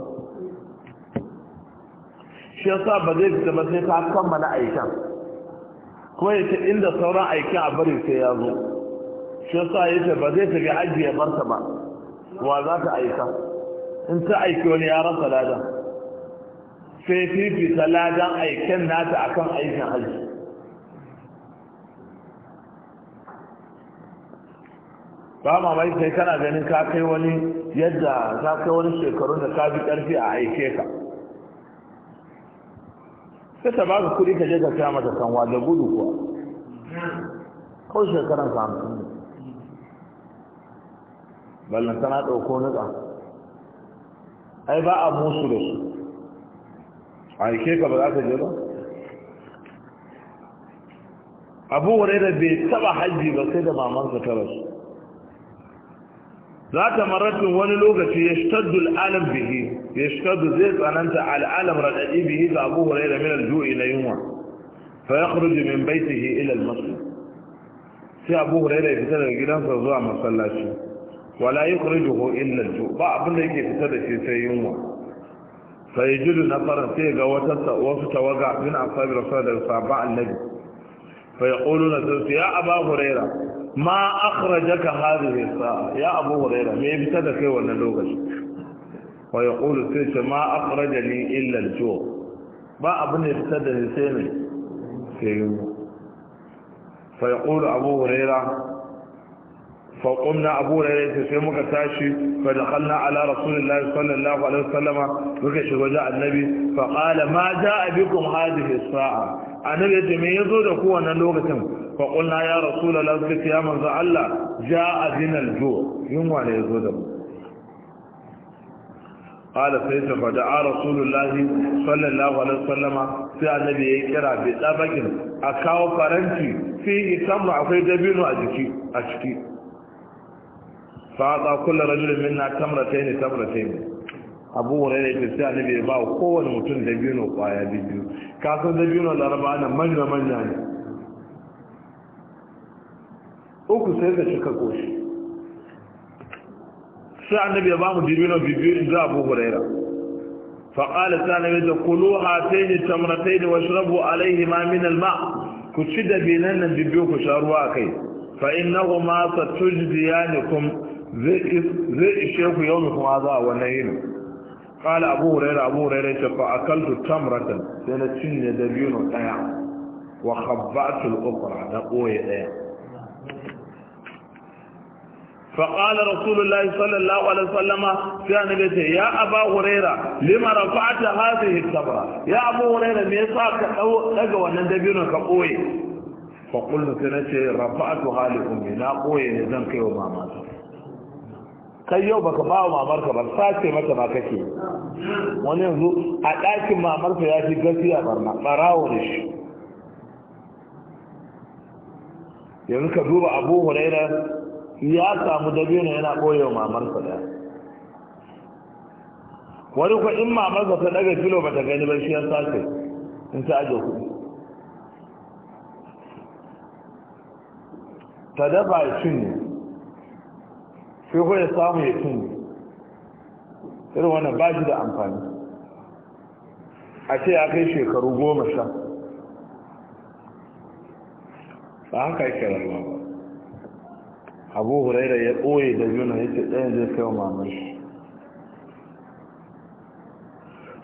shi yasa ba zai fita ba sai ta kammala aikan kuma ya inda sauran aikin a bari sai ya zo shi yasa ya ce ba zai tafi ajiye barta ba wa za ta aika in ta aiki wani yaran salada sai fifita ladan aiken nata akan aikin hajji ba mamaki sai kana ganin ka kai wani yadda za kai wani shekarun da ka bi ƙarfi a aike ka sai ta ka kuɗi ka je ka kya mata kanwa da gudu kuwa kawai shekaran ka hamsin ne ballan tana ɗauko nuka. ai ba a musu da su aike ka ba za ka je ba abu da bai taba hajji ba sai da mamansa ta rasu za ta maratin wani lokaci ya shtaddul alam bihi ya shtaddu zai tsananta al'alam raɗaɗi bihi ga abu da minar alju'i na yunwa fa ya kurji min baitihi ila almasjid sai abu da ya fita daga gidansa zuwa masallaci wala ko illa alju ba abin da yake fita da shi sai yunwa sai jiru na faran sai ga wasu tawaga min asabi rasul da sahaba annabi fa na sai ya abu huraira ma akhrajaka hadhihi sa'a ya abu huraira me fitar da kai wannan lokaci fa yaqulu sai ce ma ni illa al ba abin da fitar da ni sai ne sai fa yaqulu abu huraira فقمنا أبو هريرة سيمك تاشي فدخلنا على رسول الله صلى الله عليه وسلم وكشف وجاء النبي فقال ما جاء بكم هذه الساعة annabi ya ce me yazo da ku lokacin fa qulna ya rasulullah sai ya manzo Allah jaa binal ju yunwa ne yazo da mu qala sai ta fada rasulullah sallallahu alaihi wasallam sai annabi ya kira bi dabakin a kawo faranti fi akwai dabino a a ciki fa'ata kullu rajulin minna tamratayn tamratayn abu hurairah yace sai annabi ba kowane mutum da biyu no kwaya biyu ka san da biyu no laraba na manya manya ne uku sai da suka koshi sai annabi ya ba mu dibino bibiyu in za abu huraira faƙala sai annabi da kulu hataini tamratai da washrabu alaihi ma min alma ku ci dabinan nan bibiyu ku sha ruwa a kai fa innahu ma satujziyanikum زي الشيخ يومكم هذا ونهين قال أبو هريرة أبو هريرة فأكلت تمرة سنة سنة دبيون أيا وخبأت الأخرى نقوي أيا فقال رسول الله صلى الله عليه وسلم في نبيته يا أبا هريرة لما رفعت هذه التمرة يا أبو هريرة ميساك أجوى أن دبيون فقوي فقلنا سنة رفعتها لأمي نقوي إذن كيوما ماتوا kai yau baka ba wa mamarka ba sace mata ma kake wani yanzu a ɗakin mamarka ya fi gaskiya barna ɓarawo ne shi yanzu ka duba abu huraira ya samu dabino yana ɓoye wa mamarka ɗaya wani kwa in mamarsa ta ɗaga kilo ba ta gani ba shi ya sace in ta ajiye kuɗi ta dafa shi ne shi ko ya samu ya cinye irin wannan ba shi da amfani a ce ya kai shekaru goma sha ba haka yake rayuwa ba abu huraira ya ɓoye da yuna ya ce ɗayan zai kai wa mamar shi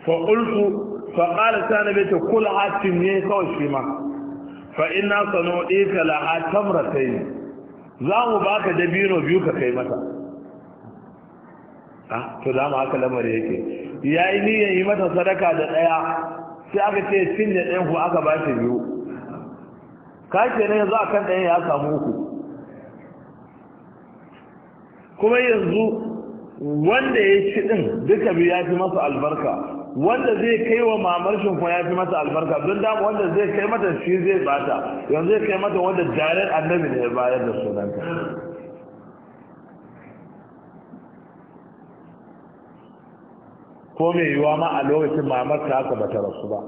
fa'ulku fa'ala ta na bai ta kula hatin ne kawai shi ma fa'in na sanu ɗaya ka la'a tamra ta yi za mu ba ka dabino biyu ka kai mata Ah, to za mu haka lamari yake ya yi niyan yi mata sadaka da ɗaya sai aka ce cinye ɗayan ku aka ba shi biyu ka ce ne yanzu akan ɗayan ya samu uku kuma yanzu wanda ya ci ɗin duka biyu ya fi masa albarka wanda zai kai wa mamar shinku ya fi masa albarka don dama wanda zai kai mata shi zai bata yanzu zai kai mata wanda jarin annabi ne ya bayar da sunanta ko mai yiwa ma a lokacin mamarsa haka ba ta rasu ba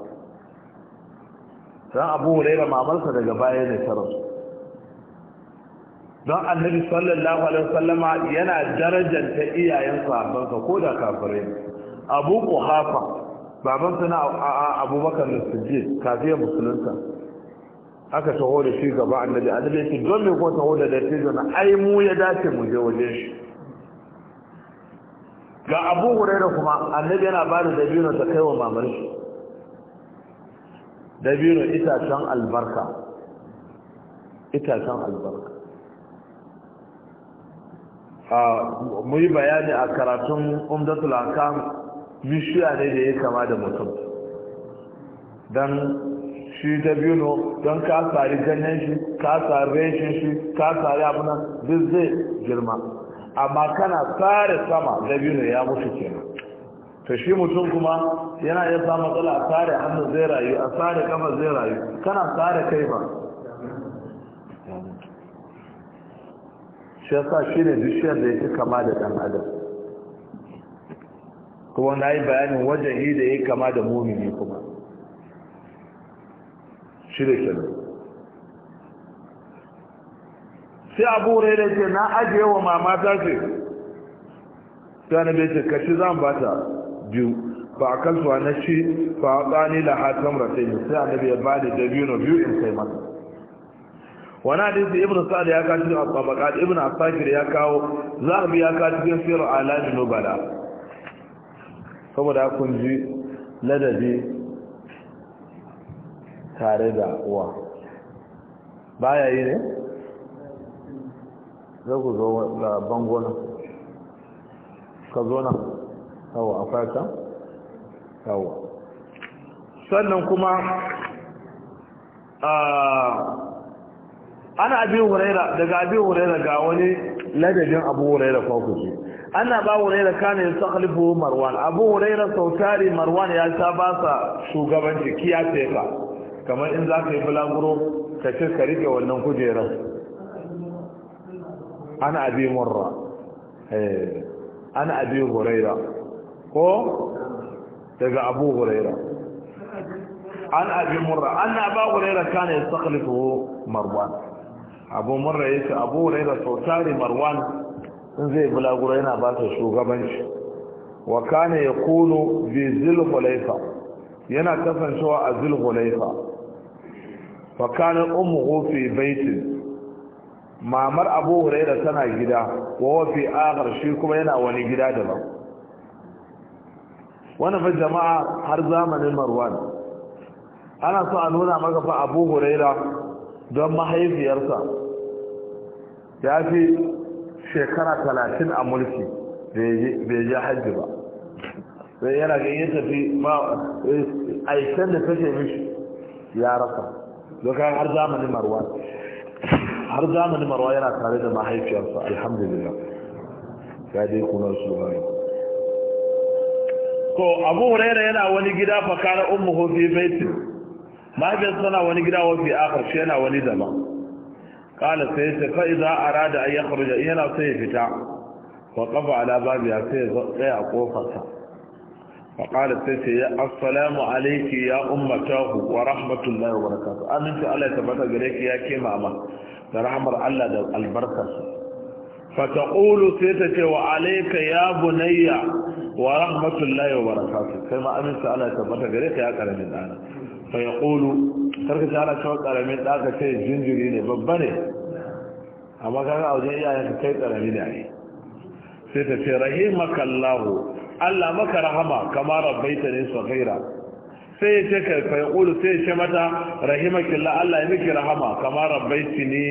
don abu huraira mamarsa daga baya ne ta rasu don annabi sallallahu alaihi wasallama yana darajanta iyayen sahabbansa ko da kafirai abu kuhafa su na abubakar da je kafiya musulunta aka taho da shi gaba annabi annabi ya ce don me ko taho da dattijo na ai mu ya dace mu je wajen shi ga abu da kuma annabi yana ba da dabino ta kai wa dabino shi dabino itacen albarka itacen albarka a mu yi bayani a karatun umdatul akam mishiya ne da ya kama da mutum don shi dabino don ka sari ganyen shi ka sari reshen shi ka sari abunan duk zai girma amma kana tsare sama dabino ya mutu kenan to shi mutum kuma yana iya samun matsala a tsare hannu zai rayu a tsare kafa zai rayu kana tsare kai ba shi yasa shi ne bishiyar da ya fi kama da ɗan adam kuma na yi bayanin wajen yi da ya kama da mumini kuma shi da kenan sai abu rai da ce na ajiye wa mama ta ce sai na bai cikaci zan ba ta biyu ba a kansuwa na shi ba a tsani da hatan rasai sai annabi ya ba da da biyu in sai mata wani adisi ibn sa'ad ya kawo a asabaqat ibn asakir ya kawo za a biya kawo cikin sirr alamin nubala saboda kun ji ladabi tare da uwa ya yi ne za ku zo ga bango nan ka zo nan yawa akwai fata yawa sannan kuma ah, ana abin huraira daga abin huraira ga wani ladajin abu huraira ko ku ana ba huraira kane ya sakhlifu marwan abu huraira sautari marwan ya ta ba sa shugabanci kiyar ka kamar in za ka yi bulaguro ka ce ka rike wannan kujerar ana abi murra ana abi huraira ko daga abu huraira an abi murra an abu huraira kana yastakhlifu marwan abu murra yace abu huraira sautari marwan in zai bulaguro yana ba shugabanci wa kana yakunu bi zulhulaifa yana kasancewa a zulhulaifa fa kana ummuhu baitin mamar abu huraira tana gida wa wafi agar shi kuma yana wani gida daban wani fa jama'a har zamanin marwan ana so a nuna maka abu huraira don mahaifiyarsa ya fi shekara talatin a mulki bai ji hajji ba sai yana ga tafi ma eh, aikin da ce mishi ya rasa lokacin har zamanin marwan har zamanin marwa yana tare da mahaifiyarsa alhamdulillah ya dai kunar su bane ko abu huraira yana wani gida fa kana ummuhu fi baiti mahaifiyarsa tana wani gida wa fi shi yana wani dama kala sai ta fa idza arada an yakhruja yana sai fita wa qafa ala babiya sai ya tsaya kofarsa فقالت تيتي wa rahmatullahi يا أمته ورحمة الله وبركاته أمنت الله تبارك عليك يا كماما da rahmar Allah da albarkarsa fataqulu sai ta ce wa alaika ya bunayya wa rahmatullahi wa barakatuh kai ma aminta Allah tabbata gare ka ya karamin dana fa yaqulu sarki ta Allah cewa karamin da ka ce jinjiri ne babba ne amma kaga a wajen iyayen ka kai karami ne sai ta ce rahimakallahu Allah maka rahama kama rabbaita ne saghira sai ya ce kai ulu sai ya ce mata rahimakin la Allah ya miki rahama kamar rabbai tini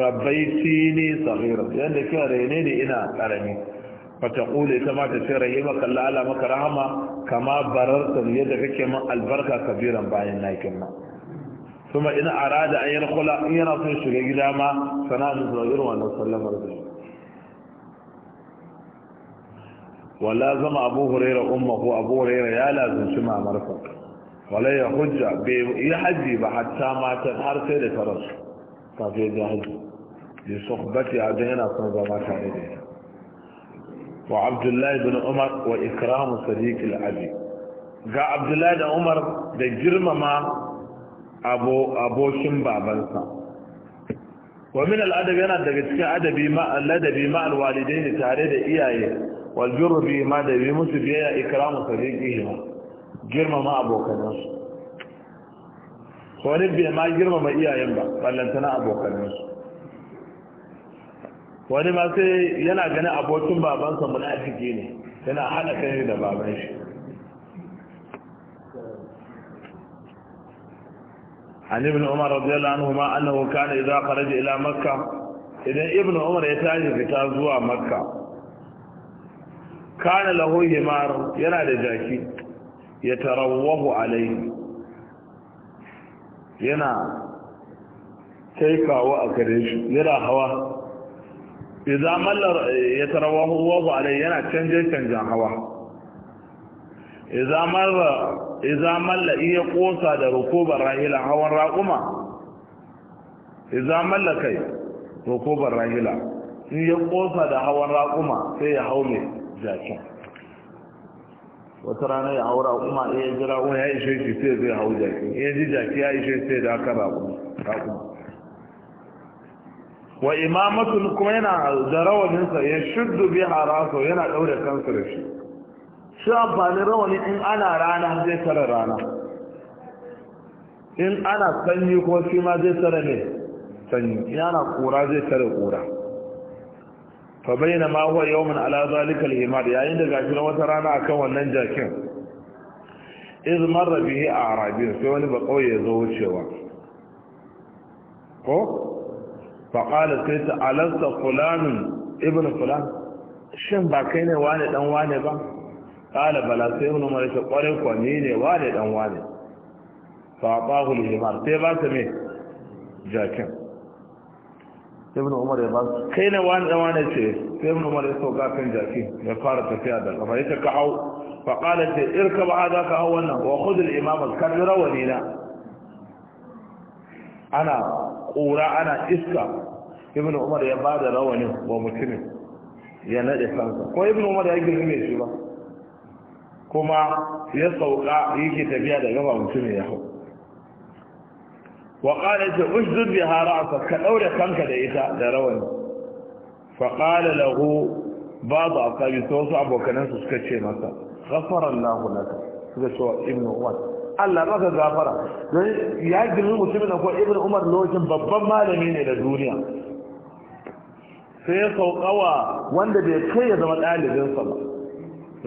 rabbai tini sahira yanda kira rene ne ina karami fata ulu ita ma ta ce rahimakin la Allah maka rahama kama barar ta ne da kake man albarka kabiran bayan nakin ma kuma ina arada an yana kula in yana sun shiga gida ma sana'a da zuwa irin sallamar da wala zama abu hurairar umma ko abu hurairar ya lazunci mamarsa wala ya hujja bai yi haji ba hatta matan har sai da faransu kafin ya haji da sohbati a don yana son zama tare da ita wa abdullahi bin umar wa ikramu sadiq al-abi ga abdullahi da umar da girmama abokin babansa wa min al'adab yana daga cikin adabi ladabi ma alwalidaini tare da iyaye wal birri ma da bi musu biya ikramu sadiqihim girmama abokanansu wani bai ma girmama iyayen ba ballantana abokanansu wani ma sai yana ganin abokin babansa munafiki ne yana hada kai da baban shi عن ابن عمر رضي الله عنهما أنه كان إذا خرج إلى مكة Umar ابن عمر fita في تازوى مكة كان له همار da جاكي ya tarawahu alaihi yana taikawa a gare shi yana hawa idan mallar ya tarawahu wahu alaihi yana canje-canjen hawa idan malla iya kosa da rukubar rahila hawan raƙuma idan malla kai rukubar rahila in ya kosa da hawan raƙuma sai ya hau mai jakin wata rana ya aura kuma ya jira wani ya ishe shi sai zai hau jaki ya ji jaki ya ishe sai da aka rabu wa imamatun kuma yana da rawaninsa ya shuddu bi haraso yana daure kansa da shi shi amfanin rawani in ana rana zai tara rana in ana sanyi ko shi ma zai tara ne sanyi in ana kura zai tara kura fa baina ma huwa yawman ala zalika al-himar yayin da gashi na wata rana akan wannan jakin iz marra bihi arabi sai wani ba kauye zo wucewa ko fa qala sayta ta alasta fulan ibn fulan shin ba kai ne wane dan wane ba qala bala sai ibn umar ya kware ko ni ne wane dan wane fa ba hu al-himar sai ba ta me jakin ibn umar ya ba su kai na wani zama ne ce sai ibn umar ya sauka kan jaki ya fara tafiya da kafa ya ka hau fa qala ta irka ba za ka hau wannan wa khudh al imama kan rawani na ana kura ana iska ibn umar ya ba da rawanin wa mutumin ya nade kansa ko ibn umar ya girme shi ba kuma ya sauka yake tafiya da gaba mutumin ya hau وقال إذا أجذب بها رأسك كالأولى كانك دائتا دروني فقال له بعض أصحابي توسع وكان سكتشي مسا غفر الله لك سكتشوا ابن عمر Allah maka gafara don ya girmi mutumin ko Ibnu Umar lokacin babban malami ne da duniya sai ya saukawa wanda bai kai ya zama ɗalibinsa ba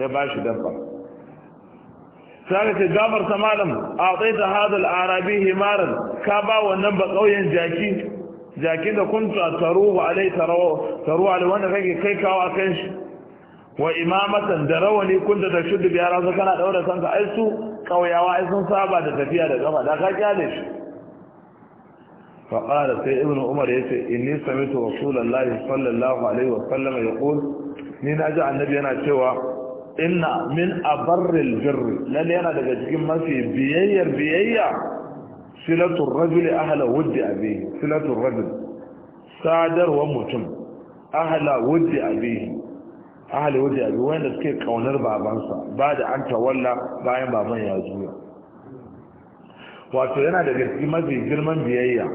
ya ba shi sai ce gabar ta malam a tsaye ta hadal arabi himaran ka ba wannan ba ƙauyen jaki jaki da kunta taruhu alai taruhu alai wanda kake kai kawo a kan shi wa imamatan da rawani kunta da shudu biya rasu kana daura kanka ai su ƙauyawa ai sun saba da tafiya da gaba da ka kyale shi faƙara sai ibn umar ya ce inni samitu rasulallahi sallallahu alaihi wa sallama ya ni na ji annabi yana cewa inna min abarril birri lalle yana daga cikin mafi biyayyar biyayya silatul rajuli ahla wuddi abi silatul rajul sadarwa mutum ahla wuddi abi ahli wuddi abi wanda suke kaunar babansa ba da an tawalla bayan baban ya zuwa wato yana daga cikin mafi girman biyayya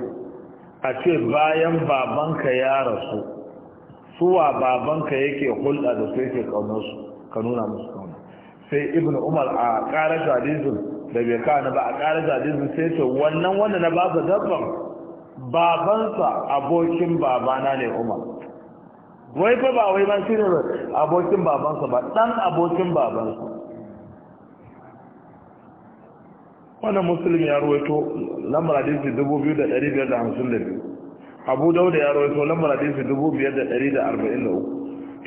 a ce bayan babanka ya rasu suwa babanka yake hulɗa da su yake kaunar su ka nuna musu kauna sai ibn umar a ƙara jadizun da bai kana ba a ƙara jadizun sai ce wannan wanda na ba su dabban babansa abokin babana ne umar wai fa ba wai ban shine abokin babansa ba dan abokin babansa wannan musulmi ya ruwaito lamar hadisi 2552 abu dauda ya ruwaito lamar hadisi 2543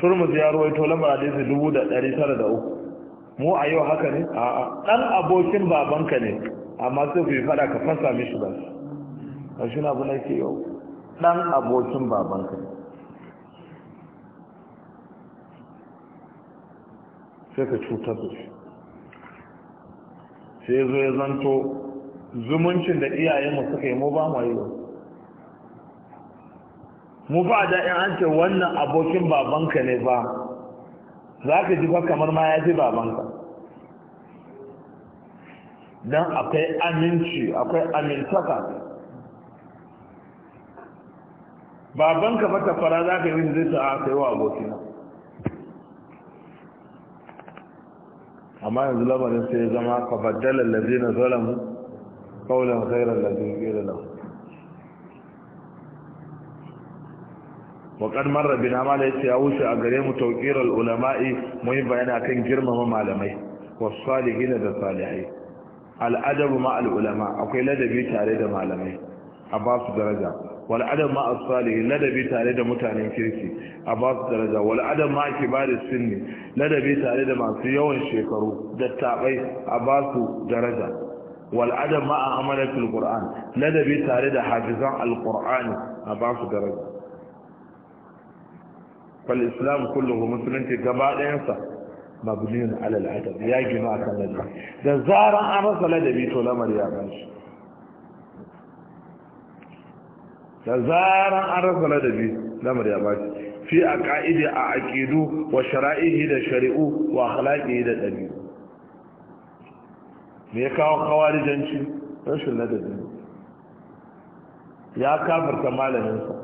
turmus ya ruwaito lamar hadisi dubu da ɗari tara da uku mu a yau haka ne a ɗan abokin babanka ne amma sai ku yi faɗa ka fasa mishi ba shi a shi na abu na ke yau ɗan abokin babanka ne sai ka cutar da shi sai zo ya zanto zumuncin da iyayenmu suka yi mu ba mu yi ba mu ba da in an ce wannan abokin babanka ne ba za ka ji ba kamar ma ya ji babanka don akwai aminci akwai amintaka babanka mata fara za ka yi zai ta ah, yi wa abokina amma yanzu lamarin sai ya zama ka baddala lalzina zalamu kaulan khairar lalzina lalzina waƙar marar bin hamala ya ce ya wuce a gare mu tauƙirar ulama'i mun yi bayani akan girmama malamai wasu salihina da salihai al'adabu ma al'ulama akwai ladabi tare da malamai a ba su daraja wal'adab ma as-salihin ladabi tare da mutanen kirki a ba su daraja wal'adab ma kibari sinni ladabi tare da masu yawan shekaru da taɓai a ba su daraja والعدم مع عملة القرآن لدى بيتاري دا حافظان القرآن أبعث daraja. fal islam kulluhu musulunci gaba ɗayansa mabniyun alal adab ya gina akan ladabi da zaran an rasa ladabi to lamar ya bashi da zaran an rasa ladabi lamar ya bashi fi a ka'ide a aqidu wa shara'ihi da shari'u wa akhlaqihi da dabi'u me ya kawo kawarijanci rashin ladabi ya kafarta malaminsa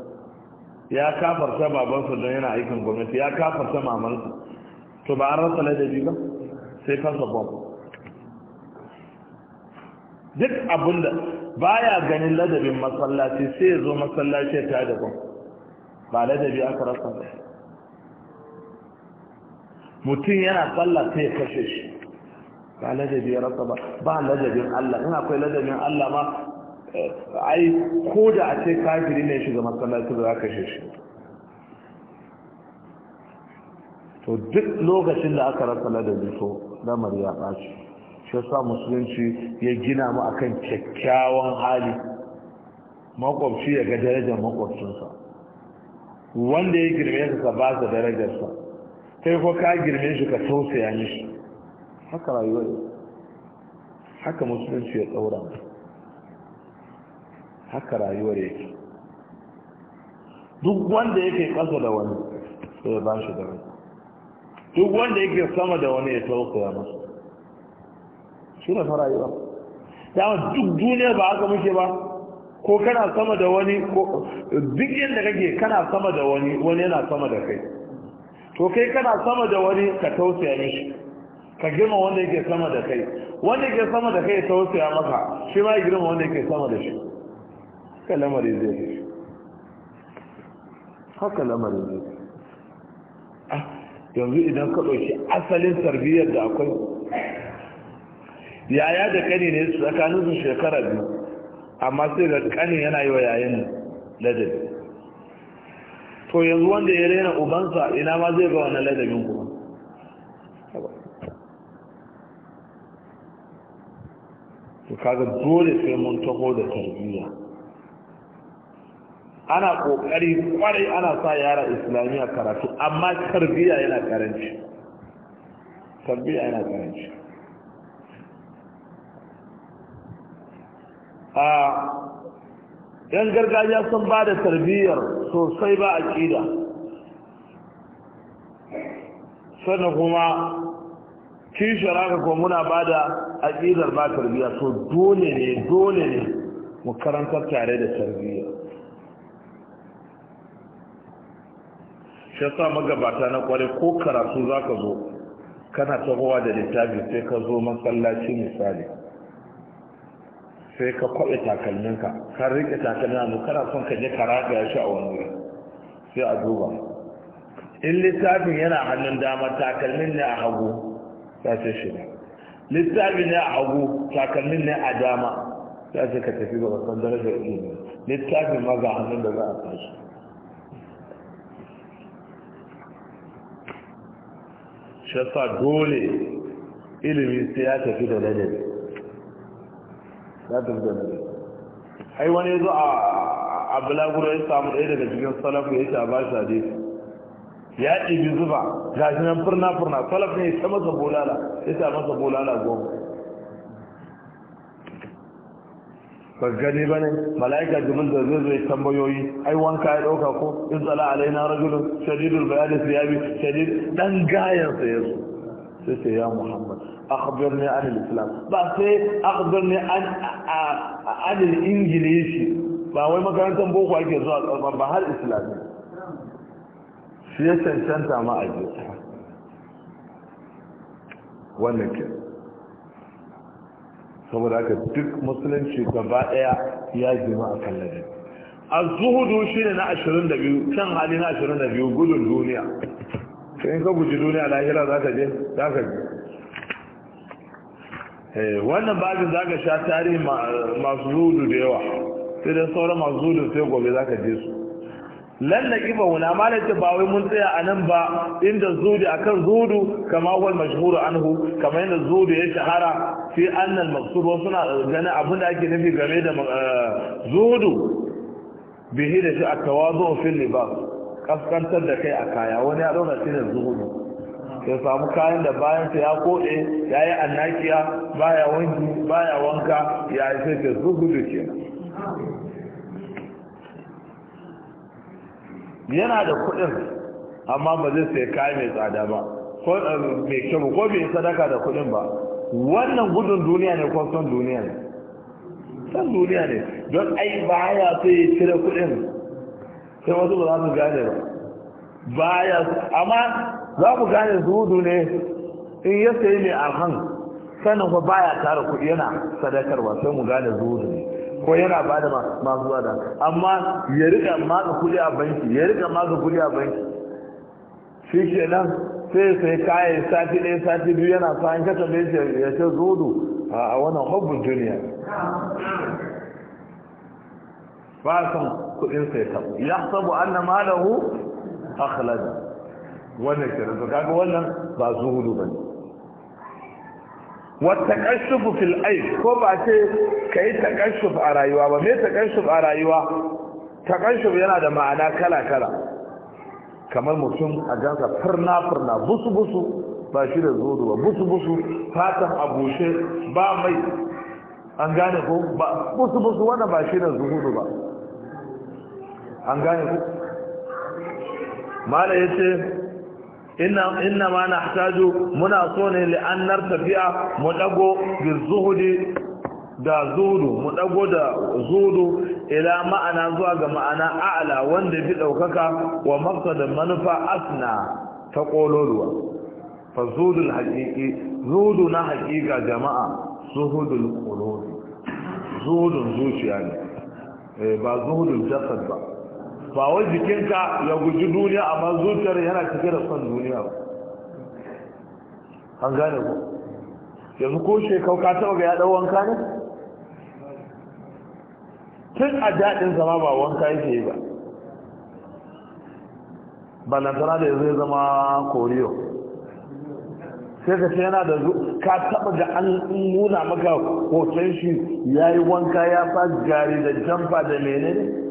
ya kafarta babansa don yana aikin gwamnati ya kafarta mamansa to ba an rasa ladabi ba sai kansa bom duk abinda ya ganin ladabin masallaci sai ya zo masallaci ta da bom ba ladabi aka rasa ba mutum yana tsalla sai ya kashe shi ba ladabi ya rasa ba ba ladabin Allah in akwai ladabin Allah ma ai ko da a ce kafiri ne shiga masallaci da za ka shi to duk lokacin da aka rasa ladabi to lamar ya ɓaci shi sa musulunci ya gina mu akan kyakkyawan hali makwabci ya ga darajar makwabcinsa wanda ya girme ka ba sa darajarsa kai ko ka girme shi ka tausaya mishi haka rayuwa haka musulunci ya tsaura mu haka rayuwar yake duk wanda yake kasa da wani sai ya ba shi da rai duk wanda yake sama da wani ya tausaya masa shi da rayuwa dama duk duniya ba aka muke ba ko kana sama da wani ko duk yadda kake kana sama da wani wani yana sama da kai to kai kana sama da wani ka tausaya mishi ka girma wanda yake sama da kai wanda yake sama da kai ya tausaya maka shi ma ya girma wanda yake sama da shi haka lamarin zai fi haka lamarin zai fi ah, yanzu idan ka ɗauki asalin tarbiyyar da akwai yaya da kani ne tsakanin su shekara biyu amma sai ga kani yana yi wa yayin ladabi to yanzu wanda ya rena ubansa ina ma zai ga wani ladabin kuma kaga dole sai mun taho da tarbiyya ana kokari kwarai ana sa yara islamiyya karatu amma tarbiyya yana karanci tarbiyya yana karanci a yan gargajiya sun ba da tarbiyyar sosai ba a ƙida sannan kuma kishiyar haka kuma muna ba da aƙidar ba tarbiyya so dole ne dole ne mu karantar tare da tarbiyya shi sa magabata na kware ko karatu za ka zo kana tahowa da littafi sai ka zo masallaci misali sai ka kwaɓe takalminka ka riƙe takalmin mu kana son ka je ka raga shi a wani wuri sai a duba in littafin yana hannun dama takalmin ne a hagu ta ce shi ne littafin ne a hagu takalmin ne a dama ta ce ka tafi ga wasan darajar ilimin littafin ma ga hannun da za a tashi Shasa dole ilimi sai ya tafi da ladabi ya tafi da ladabi ai wani yazo a a bulaguro ya samu ɗaya daga cikin salafu ya ta ba shi ya ɗibi zuba ga shi nan furna furna salafu ne ta masa bolala ya ta masa bolala goma ba gani ba ne mala'ika jimin da zai zai tambayoyi ai wanka ya ɗauka ko in tsala alaina rajulun shadidul bayani su yabi shadid dan gayan sa yazo sai sai ya muhammad akhbirni an al-islam ba sai akhbirni ne an al-ingilishi ba wai makarantar boko ake zuwa tsarban ba har islami shi ya cancanta ma a wannan kenan saboda haka duk musulunci gaba daya ya jima a kan ladabi az-zuhudu shine na 22 kan hali na 22 gudun duniya sai in ka guji duniya lahira za ka je za ka je eh, wannan babin za ka sha tarihi masu zudu da yawa sai da sauran masu zudu sai gobe za ka je su lallaki ƙiba wuna malaka ba wai mun tsaya a nan ba inda zudu akan zudu kama wal mashhuru anhu kamar inda zudu ya shahara fi annal maqsud wa suna ganin abin da ake nufi game da eh, zudu bihi da shi at-tawadhu fil libas kaskantar da kai a kaya wani ya dauna shi da zudu ya samu kayan da bayan sa ya kode yayi annakiya baya wanki baya wanka ya sai ta zudu kenan yana da kuɗin amma ba zai sai kayan mai tsada ba ko eh, mai kyau ko bai sadaka da kuɗin ba wannan gudun duniya ne ko son duniya ne son duniya ne don ai baya sai ya cire kuɗin sai wasu ba za su gane ba baya amma za mu gane zuhudu ne in ya sayi mai arhan sannan ba baya tara kuɗi yana sadakarwa sai mu gane zuhudu ne ko yana ba da masu wada amma ya rika maka kudi a banki ya rika maka kudi a banki shi ke nan sai sai kayan sati ɗaya sati biyu yana sa an kasa mai ya ce zodo a wannan hobbin duniya ba san kudin sai ta ya sabu an na malahu akhlada wannan kirin kaga wannan ba zuhudu bane wata kashufu fil aif ko ba ce ka yi takashuf a rayuwa ba me takashuf a rayuwa takashuf yana da ma'ana kala-kala kamar mutum a gansa furna-furna busu-busu ba shi da zuwa ba busu-busu fatan a bushe ba mai an gane ko ba busu-busu wanda ba shi da zuwa ba an gane ko mala ya ce inna ma na hataju muna so ne la'annar tafiya mu dago bi zuhudi da zuhudu mu dago da zuhudu ila ma'ana zuwa ga ma'ana a'ala wanda bi daukaka wa maqsadin manufa asna ta kololuwa fa zuhudul haqiqi zuhudu na haqiqa jama'a zuhudul qulub zuhudun zuciya ne eh, ba zuhudul jasad ba ba wai jikinka ya guji duniya amma zuciyar yana cike da son duniya ba an gane ku yanzu ko shekau ka taɓa ga ya dau wanka ne tun a daɗin zama ba wanka yake yi ba balantana da zai ya zama koriyo sai ka ce yana da zu ka taba da an nuna maka hoton shi ya yi wanka ya fa gari da jamfa da menene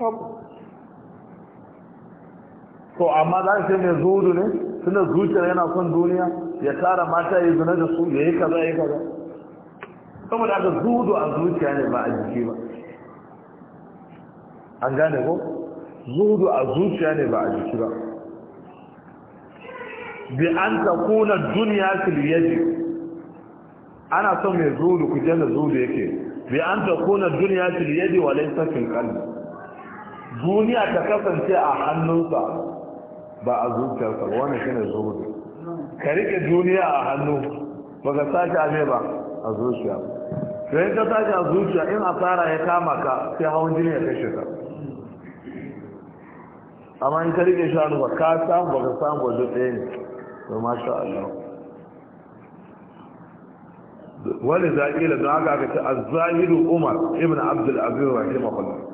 to amma za ka mai zuru ne suna zuciyar yana son duniya ya tara mata ya zuna da su ya yi kaza ya yi kaza saboda aka zudu a zuciya ne ba a jiki ba an gane ko zudu a zuciya ne ba a jiki ba bi an ta kuna duniya filiyaji ana son mai zudu kujen da zudu yake bi an ta kuna duniya filiyaji walai sakin kalbi duniya ta kasance a hannunsa ba a zuciyarsa wani shi ne zuhudu ka rike duniya a hannu ba ka sace a ba a zuciya sai ka sace a zuciya in asara ya kama ka sai hawan jini ya kashe ka amma in ka rike shanu ba ka samu ba ka samu wajen ɗaya ne ma masha Allah wani zaƙila don haka aka ce a zahiru umar ibn abdul aziz rahimahullah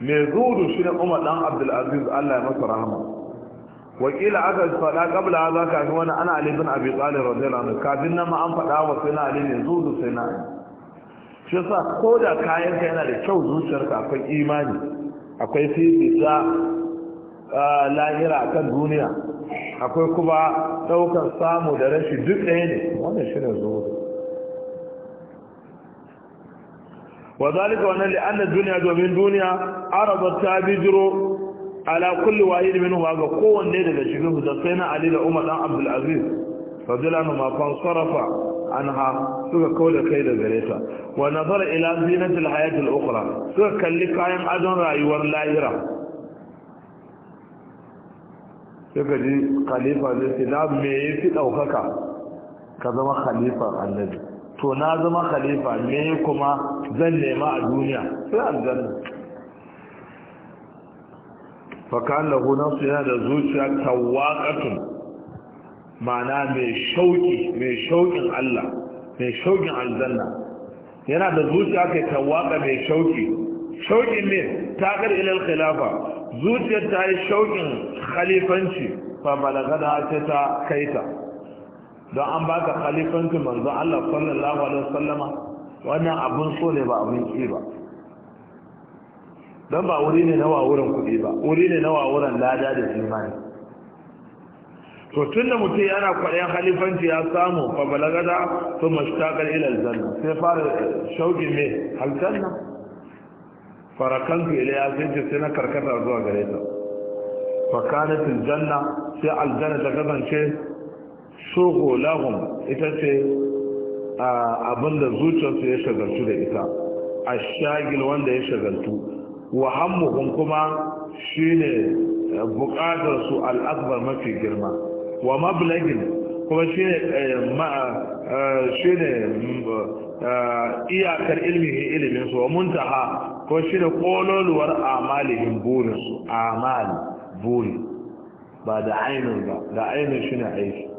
mai zudu shi ne umar dan abdulaziz allah ya masa rahama wakila aka faɗa kabla za ka fi wani ana alibin abi tsalin radiyallahu anhu kafin nan ma an faɗa wa sai na ali ne sai na shi sa ko da kayan ka yana da kyau zuciyarka akwai imani akwai ta lahira kan duniya akwai kuma ɗaukar samu da rashi duk ɗaya ne wannan shi ne zudu wazalika zalika wannan li'anna duniya domin duniya arabat ta bijiro ala kulli wahid minhu ga kowanne daga cikin su da sai Ali da Umar dan Abdul Aziz radiyallahu ma fan sarafa anha suka kauda kai da gare ta wa nazara ila zinatil hayatil ukhra suka kalli kayan adon rayuwar lahira suka ji zai ce na me yafi daukaka ka zama annabi to na zama khalifa me kuma zan nema a duniya sai aljanna fakan lahu nafsu yana da zuciya tawaqatun ma'ana mai shauki mai shaukin Allah mai shaukin aljanna yana da zuciya kai tawaqa mai shauki shaukin ne takar ila khilafa zuciyar ta yi shaukin khalifanci fa balagada ta kaita don an baka khalifanci manzo Allah sallallahu alaihi wasallama wannan abun so ne ba abun ki ba don ba wuri ne na wawuran kuɗi ba wuri ne na wawuran lada da imani to tunda mutum yana kwaɗayan khalifanci ya samu fa balagada to mashtaqal ila aljanna sai fara shauki me aljanna farakantu ila ya sai sai na karkata zuwa gare ta fa kanatil janna sai aljanna ta kasance soho lahum ita ce abinda zuciyarsu ya shagaltu da ita a shagil wanda ya shagaltu wa hammuhum kuma shine ne eh, su al'akbar mafi girma wa mablagin kuma shine eh, eh, ne mm, iyakar ilmihin ilimin su wa muntaha kuma shine kololuwar amalihin burin amal buri ba da ainihin ba da ainihin shine aiki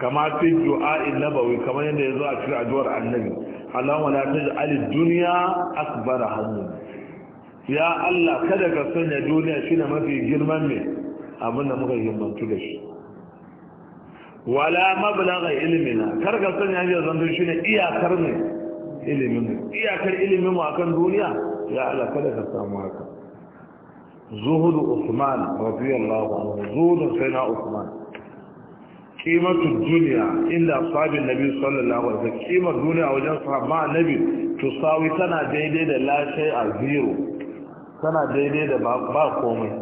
kama fi du'a'in nabawi kamar yadda ya zo a cikin addu'ar annabi Allahumma la taj'al ad-dunya akbar hammina ya Allah kada ka sanya duniya shine mafi girman ne abin da muka himmantu da shi wala mablagha ilmina kar ka sanya shi zanto shine iyakar ne ilimin mu iyakar ilimin mu akan duniya ya Allah kada ka samu haka zuhudu usman radiyallahu anhu zuhudu sayyidina usman kimatun duniya inda ashabin nabi sallallahu alaihi wasallam kimar duniya wajen sahabba nabi tusawi tana daidai da lashai a zero tana daidai da ba komai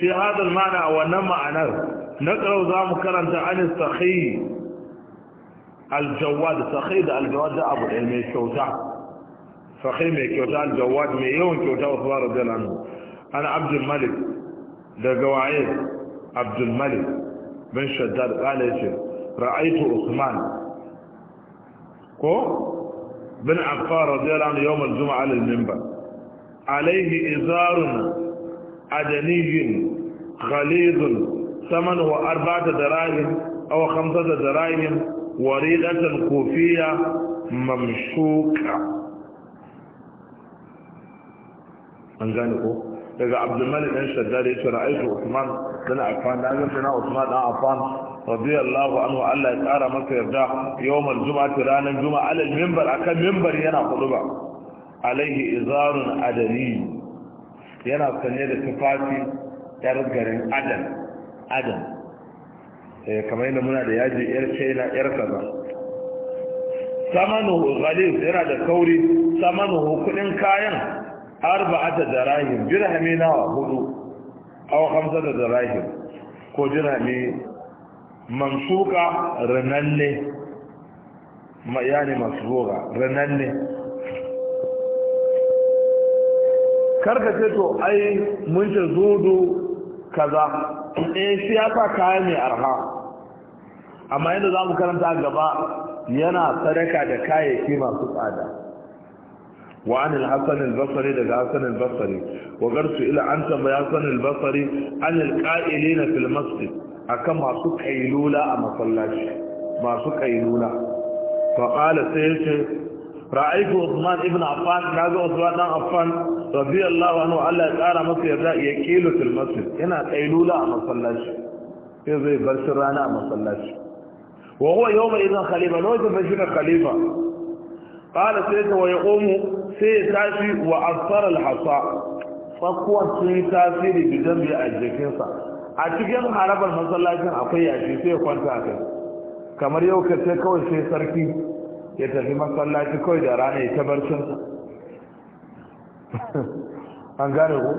fi hadal ma'ana wannan ma'anar na karau za mu karanta anis sahi aljawad sahi da aljawad da abu ɗaya mai kyauta sahi mai kyauta aljawad mai yawan kyauta wasu ba rabbi an abdul malik daga waye abdul malik بن شداد قال يا شيخ رأيت أثمان كو بن عفار رضي الله عنه يوم الجمعة على المنبر عليه إزار أدني خليظ ثمنه أربعة دراهم أو خمسة دراهم وريدة كوفية ممشوكة أنزانكو daga abdulmalik ɗan shaddad ya ce ra'aytu usman bin affan da ga na usman dan affan radiyallahu anhu Allah ya tsara masa yarda yawmal jumu'ati ranar juma'a alal minbar akan minbar yana khutba alaihi izarun adali yana sanye da tufafi yar garin adam adam eh, kamar yadda muna da yaji yar china yar kaza samanuhu ghalib yana da kauri samanuhu kudin kayan arba'ata darahim dirhami nawa hudu aw khamsata darahim ko dirhami mansuka rananne ma yani masruga rananne karka ce to ai mun ce zudu kaza eh shi ya sa kaya mai arha amma yadda za mu karanta gaba yana sadaka da kayayyaki masu tsada وعن الحسن البصري لدى الحسن البصري وقرت إلى عن سمي الحسن البصري عن القائلين في المسجد أكم معصوك أيلولا أما صلاش معصوك أيلولا فقال سيشي رأيت عثمان ابن عفان ناجي عثمان بن عفان رضي الله عنه وعلى يقال مصر يبدأ يكيلو في المسجد هنا أيلولا أما صلاش يزي برشرانا أما صلاش وهو يوم إذن خليفة لو يتفجون خليفة قال سيدنا ويقوم sai ya tashi wa asfar alhasa tsakuwar sun yi tasiri gidan biya a jikinsa a cikin harabar masallacin akwai yashi sai ya kwanta a kai kamar yau ka ce kawai sai sarki ya tafi masallaci kawai da rana ya tabarcinsa an gane ku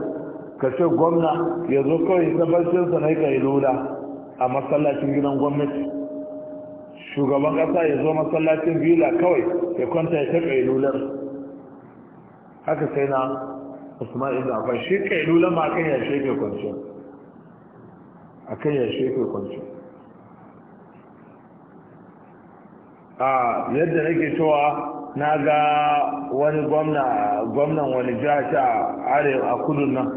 ka ce gwamna ya zo kawai ya tabarcinsa na yi lula a masallacin gidan gwamnati shugaban ƙasa ya zo masallacin bila kawai ya kwanta ya kai lular haka sai na usman ibn affan shi kailula ma kan ya a kwanciya akan ya shefe kwanciya a yadda nake cewa na ga wani gwamnan wani jihar ta arewa a kudu nan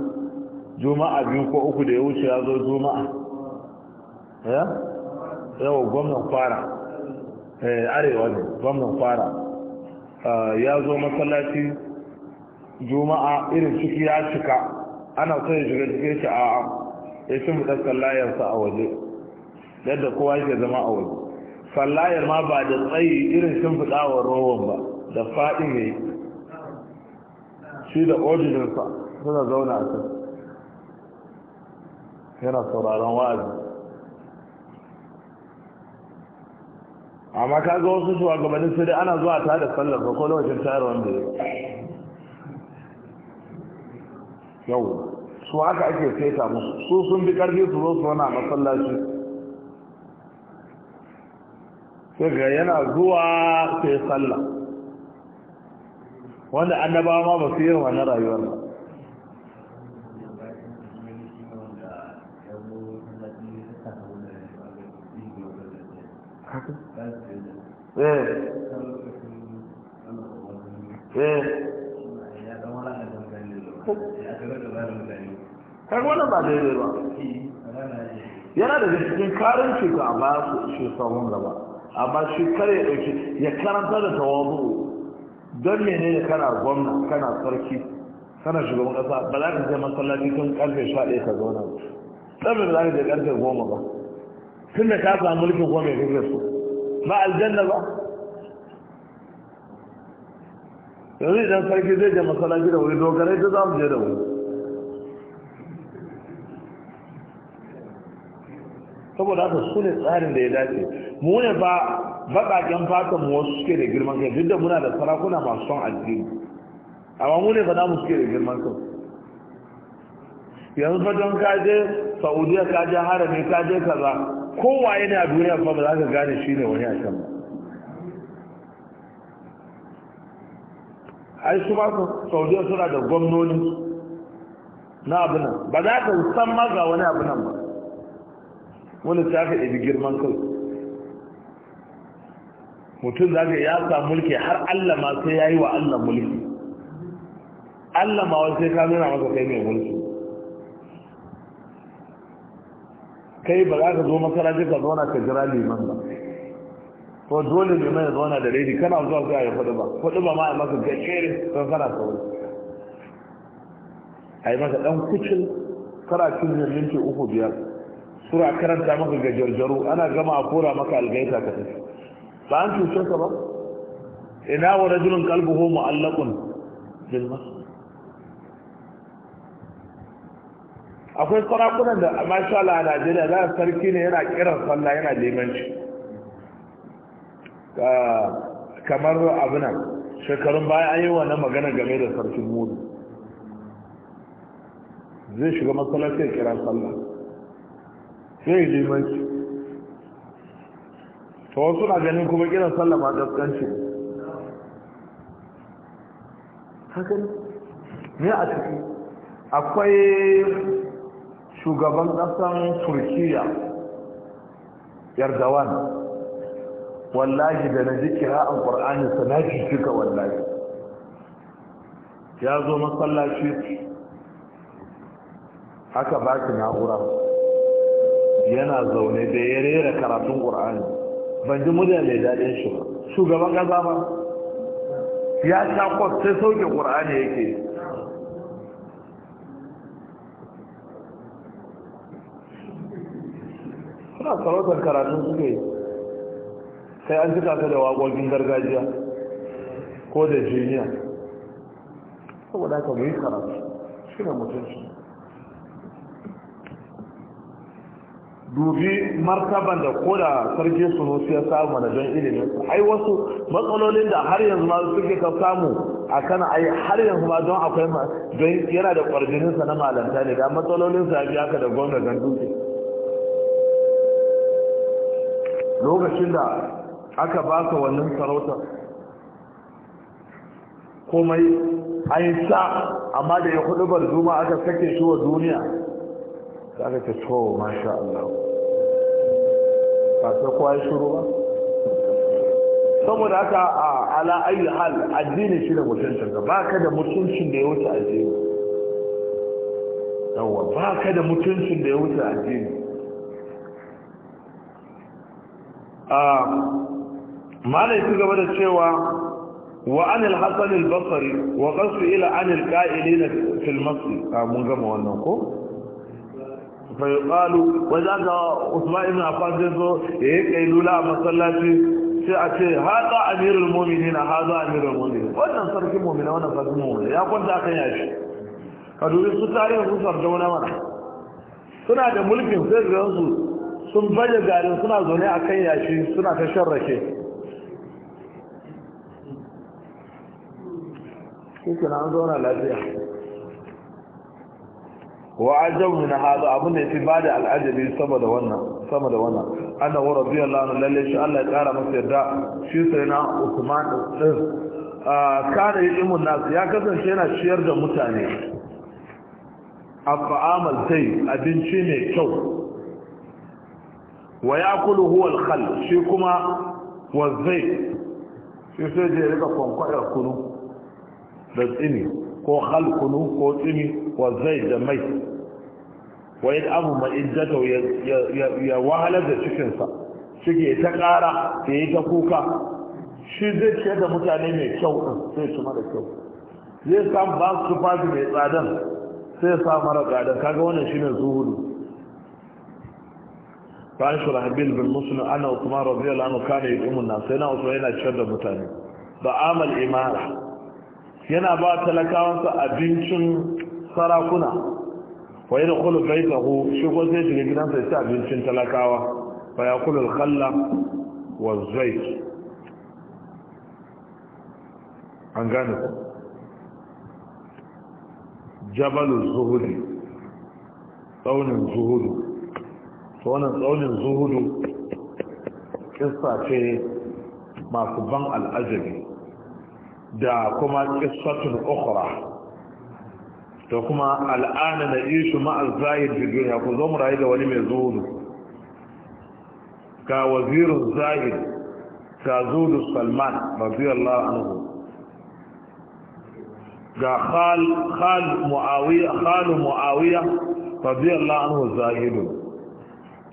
juma'a biyu ko uku da ya wuce ya zo juma'a ya yawa gwamnan fara eh, arewa ne gwamnan fara eh, ya zo masallaci juma'a irin ciki ya cika ana so ya shiga cikin shi a ya ci mu ɗan sallayarsa a waje yadda kowa yake zama a waje sallayar ma ba da tsayi irin wa rowan ba da faɗin ya yi shi da ojininsa suna zauna a can yana sauraron wa'azi amma ka ga wasu shugabannin sai dai ana zuwa ta da sallar ba ko lokacin tayar wanda ya yau su haka ake feta musu su sun bi karfi su zo su wana masallaci sai ga yana zuwa sai sallah wanda annabawa ma ba su yi wani rayuwar ba eh eh kaga wannan ba daidai ba eh, yana da cikin karin cuta a baya su shi sahun gaba amma shi kare ya dauki ya karanta da tawabu don mene ne kana gwamna kana sarki kana shugaban ƙasa ba za ka je masallaci tun karfe sha ɗaya ka zauna ba tsarin ba za ka je karfe goma ba tun da ka samu mulkin goma ya kake so ba aljanna ba yanzu idan sarki zai je masallaci da wuri dogarai ta za mu je da wuri saboda haka su ne tsarin da ya dace mu ne ba baƙaƙen fatan mu wasu suke da girman kai duk da muna da sarakuna masu son addini amma mu ne ba mu suke da girman kai yanzu fa don ka je saudiya ka je harami ka je kaza kowaye ne a duniya fa ba za ka gane shi ne wani a can ba ai su ba su saudiya suna da gwamnoni na abu nan ba za ka san ma ga wani abu nan ba wani ta ka ibi girman kai mutum za ka ya sa mulki har allah ma sai ya yi wa allah mulki allah ma wani sai ka nuna masa kai mai mulki kai ba za ka zo makaranta ka zauna ka jira liman ba ko dole ne mai zauna da rediyo kana zuwa zuwa ya faɗi ba faɗi ba ma a maka gajere don kana sauri a yi maka ɗan kucin karatun ne minti uku biyar sura karanta maka jarjaru ana gama a kora maka algaita ka tafi ba an cutar ka ba ina wa rajulun qalbuhu mu'allaqun bil akwai sarakunan da masha Allah a Najeriya za sarki ne yana kiran sallah yana limanci Ah, kamar abinan shekarun baya an yi wa na magana game da sarkin mudu zai shiga masallaci ya kira sallah sai ya je ta wasu na ganin kuma kiran sallah ma gaskanci hakan ne a ciki akwai shugaban ƙasan turkiya yardawan wallahi da na ji an ƙwar'ani sanaki cika wallahi ya zo masallaci Haka ba ki na'ura yana zaune da ya rera karatun ƙwar'ani ban ji murya mai daɗin shi ba shugaban ƙasa ba ya sha kwas sai sauke ƙwar'ani yake suna sarautar karatun suke yi kai an cika ka da waƙoƙin gargajiya ko da jiniya saboda ka mai karatu shi ne mutunci dubi martaban da koda sarki su ya samu da don ilimin su ai wasu matsalolin da har yanzu ma suke ka samu a kana ai har yanzu ma don akwai ma don yana da kwarjininsa na malanta ne ga matsalolin su biya ka da gwamnati dutse lokacin da aka baka wannan sarautar komai an yi sa amma da ya hudu bar zuma aka sake shi wa duniya da aka ce to masha Allah ba sai kowa ya shuru ba saboda haka a ala ayi hal addini shi da mutuncin ka baka da mutuncin da ya wuce addini yawa baka da mutuncin da ya wuce addini ah, malai su gaba da cewa wa anil hasan al-basri wa qasu ila anil qa'ilina fil masjid ah, mun gama wannan ko fa yuqalu wa zaka usman ibn affan zai zo yayi kailula a masallaci sai a ce hada amirul mu'minin hada amirul mu'minin wannan sarkin mu'mina wannan sarkin mu'mina ya kwanta kan yashi ka dubi su tarihin su wani mara. suna da mulkin sai su sun baje garin suna zaune akan yashi suna ta sharrake shi ke an zauna lafiya wa ajabu min hada abun da yafi bada al'ajabi sama da wannan saboda wannan anna wa radiyallahu anhu lalle shi Allah ya kara masa yarda shi sai na Uthman din ah, kana yi imun ya kasance yana ciyar da mutane afa'amal sai abinci mai kyau wa yakulu huwa al-khal shi kuma wa zai shi sai ya rika kwankwadar kunu da tsini ko halkunu ko tsini wa zai da mai wa yi abu ma'iddata ya wahalar da cikinsa suke ta ƙara da yi ta kuka shi zai ce da mutane mai kyau ɗin sai su mara kyau zai samu ba su fasi mai tsadan sai sa mara tsadan kaga wannan shi ne zuhudu bayan shi rahabil bin musulun ana usman rabiyar lanu kane yi umarna sai na usman yana ciyar da mutane ba amal imara yana ba talakawansa abincin sarakuna wa yana kula bai taho shi ko zai shiga gidansa ya abincin talakawa fa ya kula kalla wa zai an gane ku jabalin zuhudi tsaunin zuhudu wannan tsaunin zuhudu kissa ce masu ban al'ajabi da kuma qissatun ukhra da kuma al'ana na ishu ma'al zahid fi duniya ku zo rayu da wani mai zuhudu ka wazirin Zahir, ka zuhudu salman radiyallahu anhu ga khal khal muawiya khal muawiya radiyallahu anhu zahidu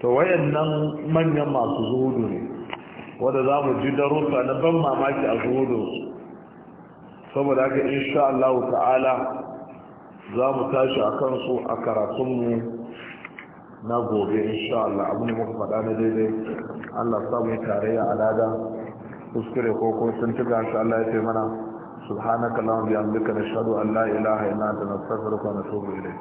to wayannan manyan masu zuhudu ne wanda mu ji darussa na ban mamaki a zuhudu saboda haka insha Allah ta'ala za mu tashi a kansu a karatunmu na gobe insha Allah abu ne muka faɗa na daidai Allah samu yi tarayya a lada kuskure ko ko sun tuga shi Allah ya mana subhanaka lahum bihamdika nashhadu an la ilaha illa anta nastaghfiruka wa natubu ilayk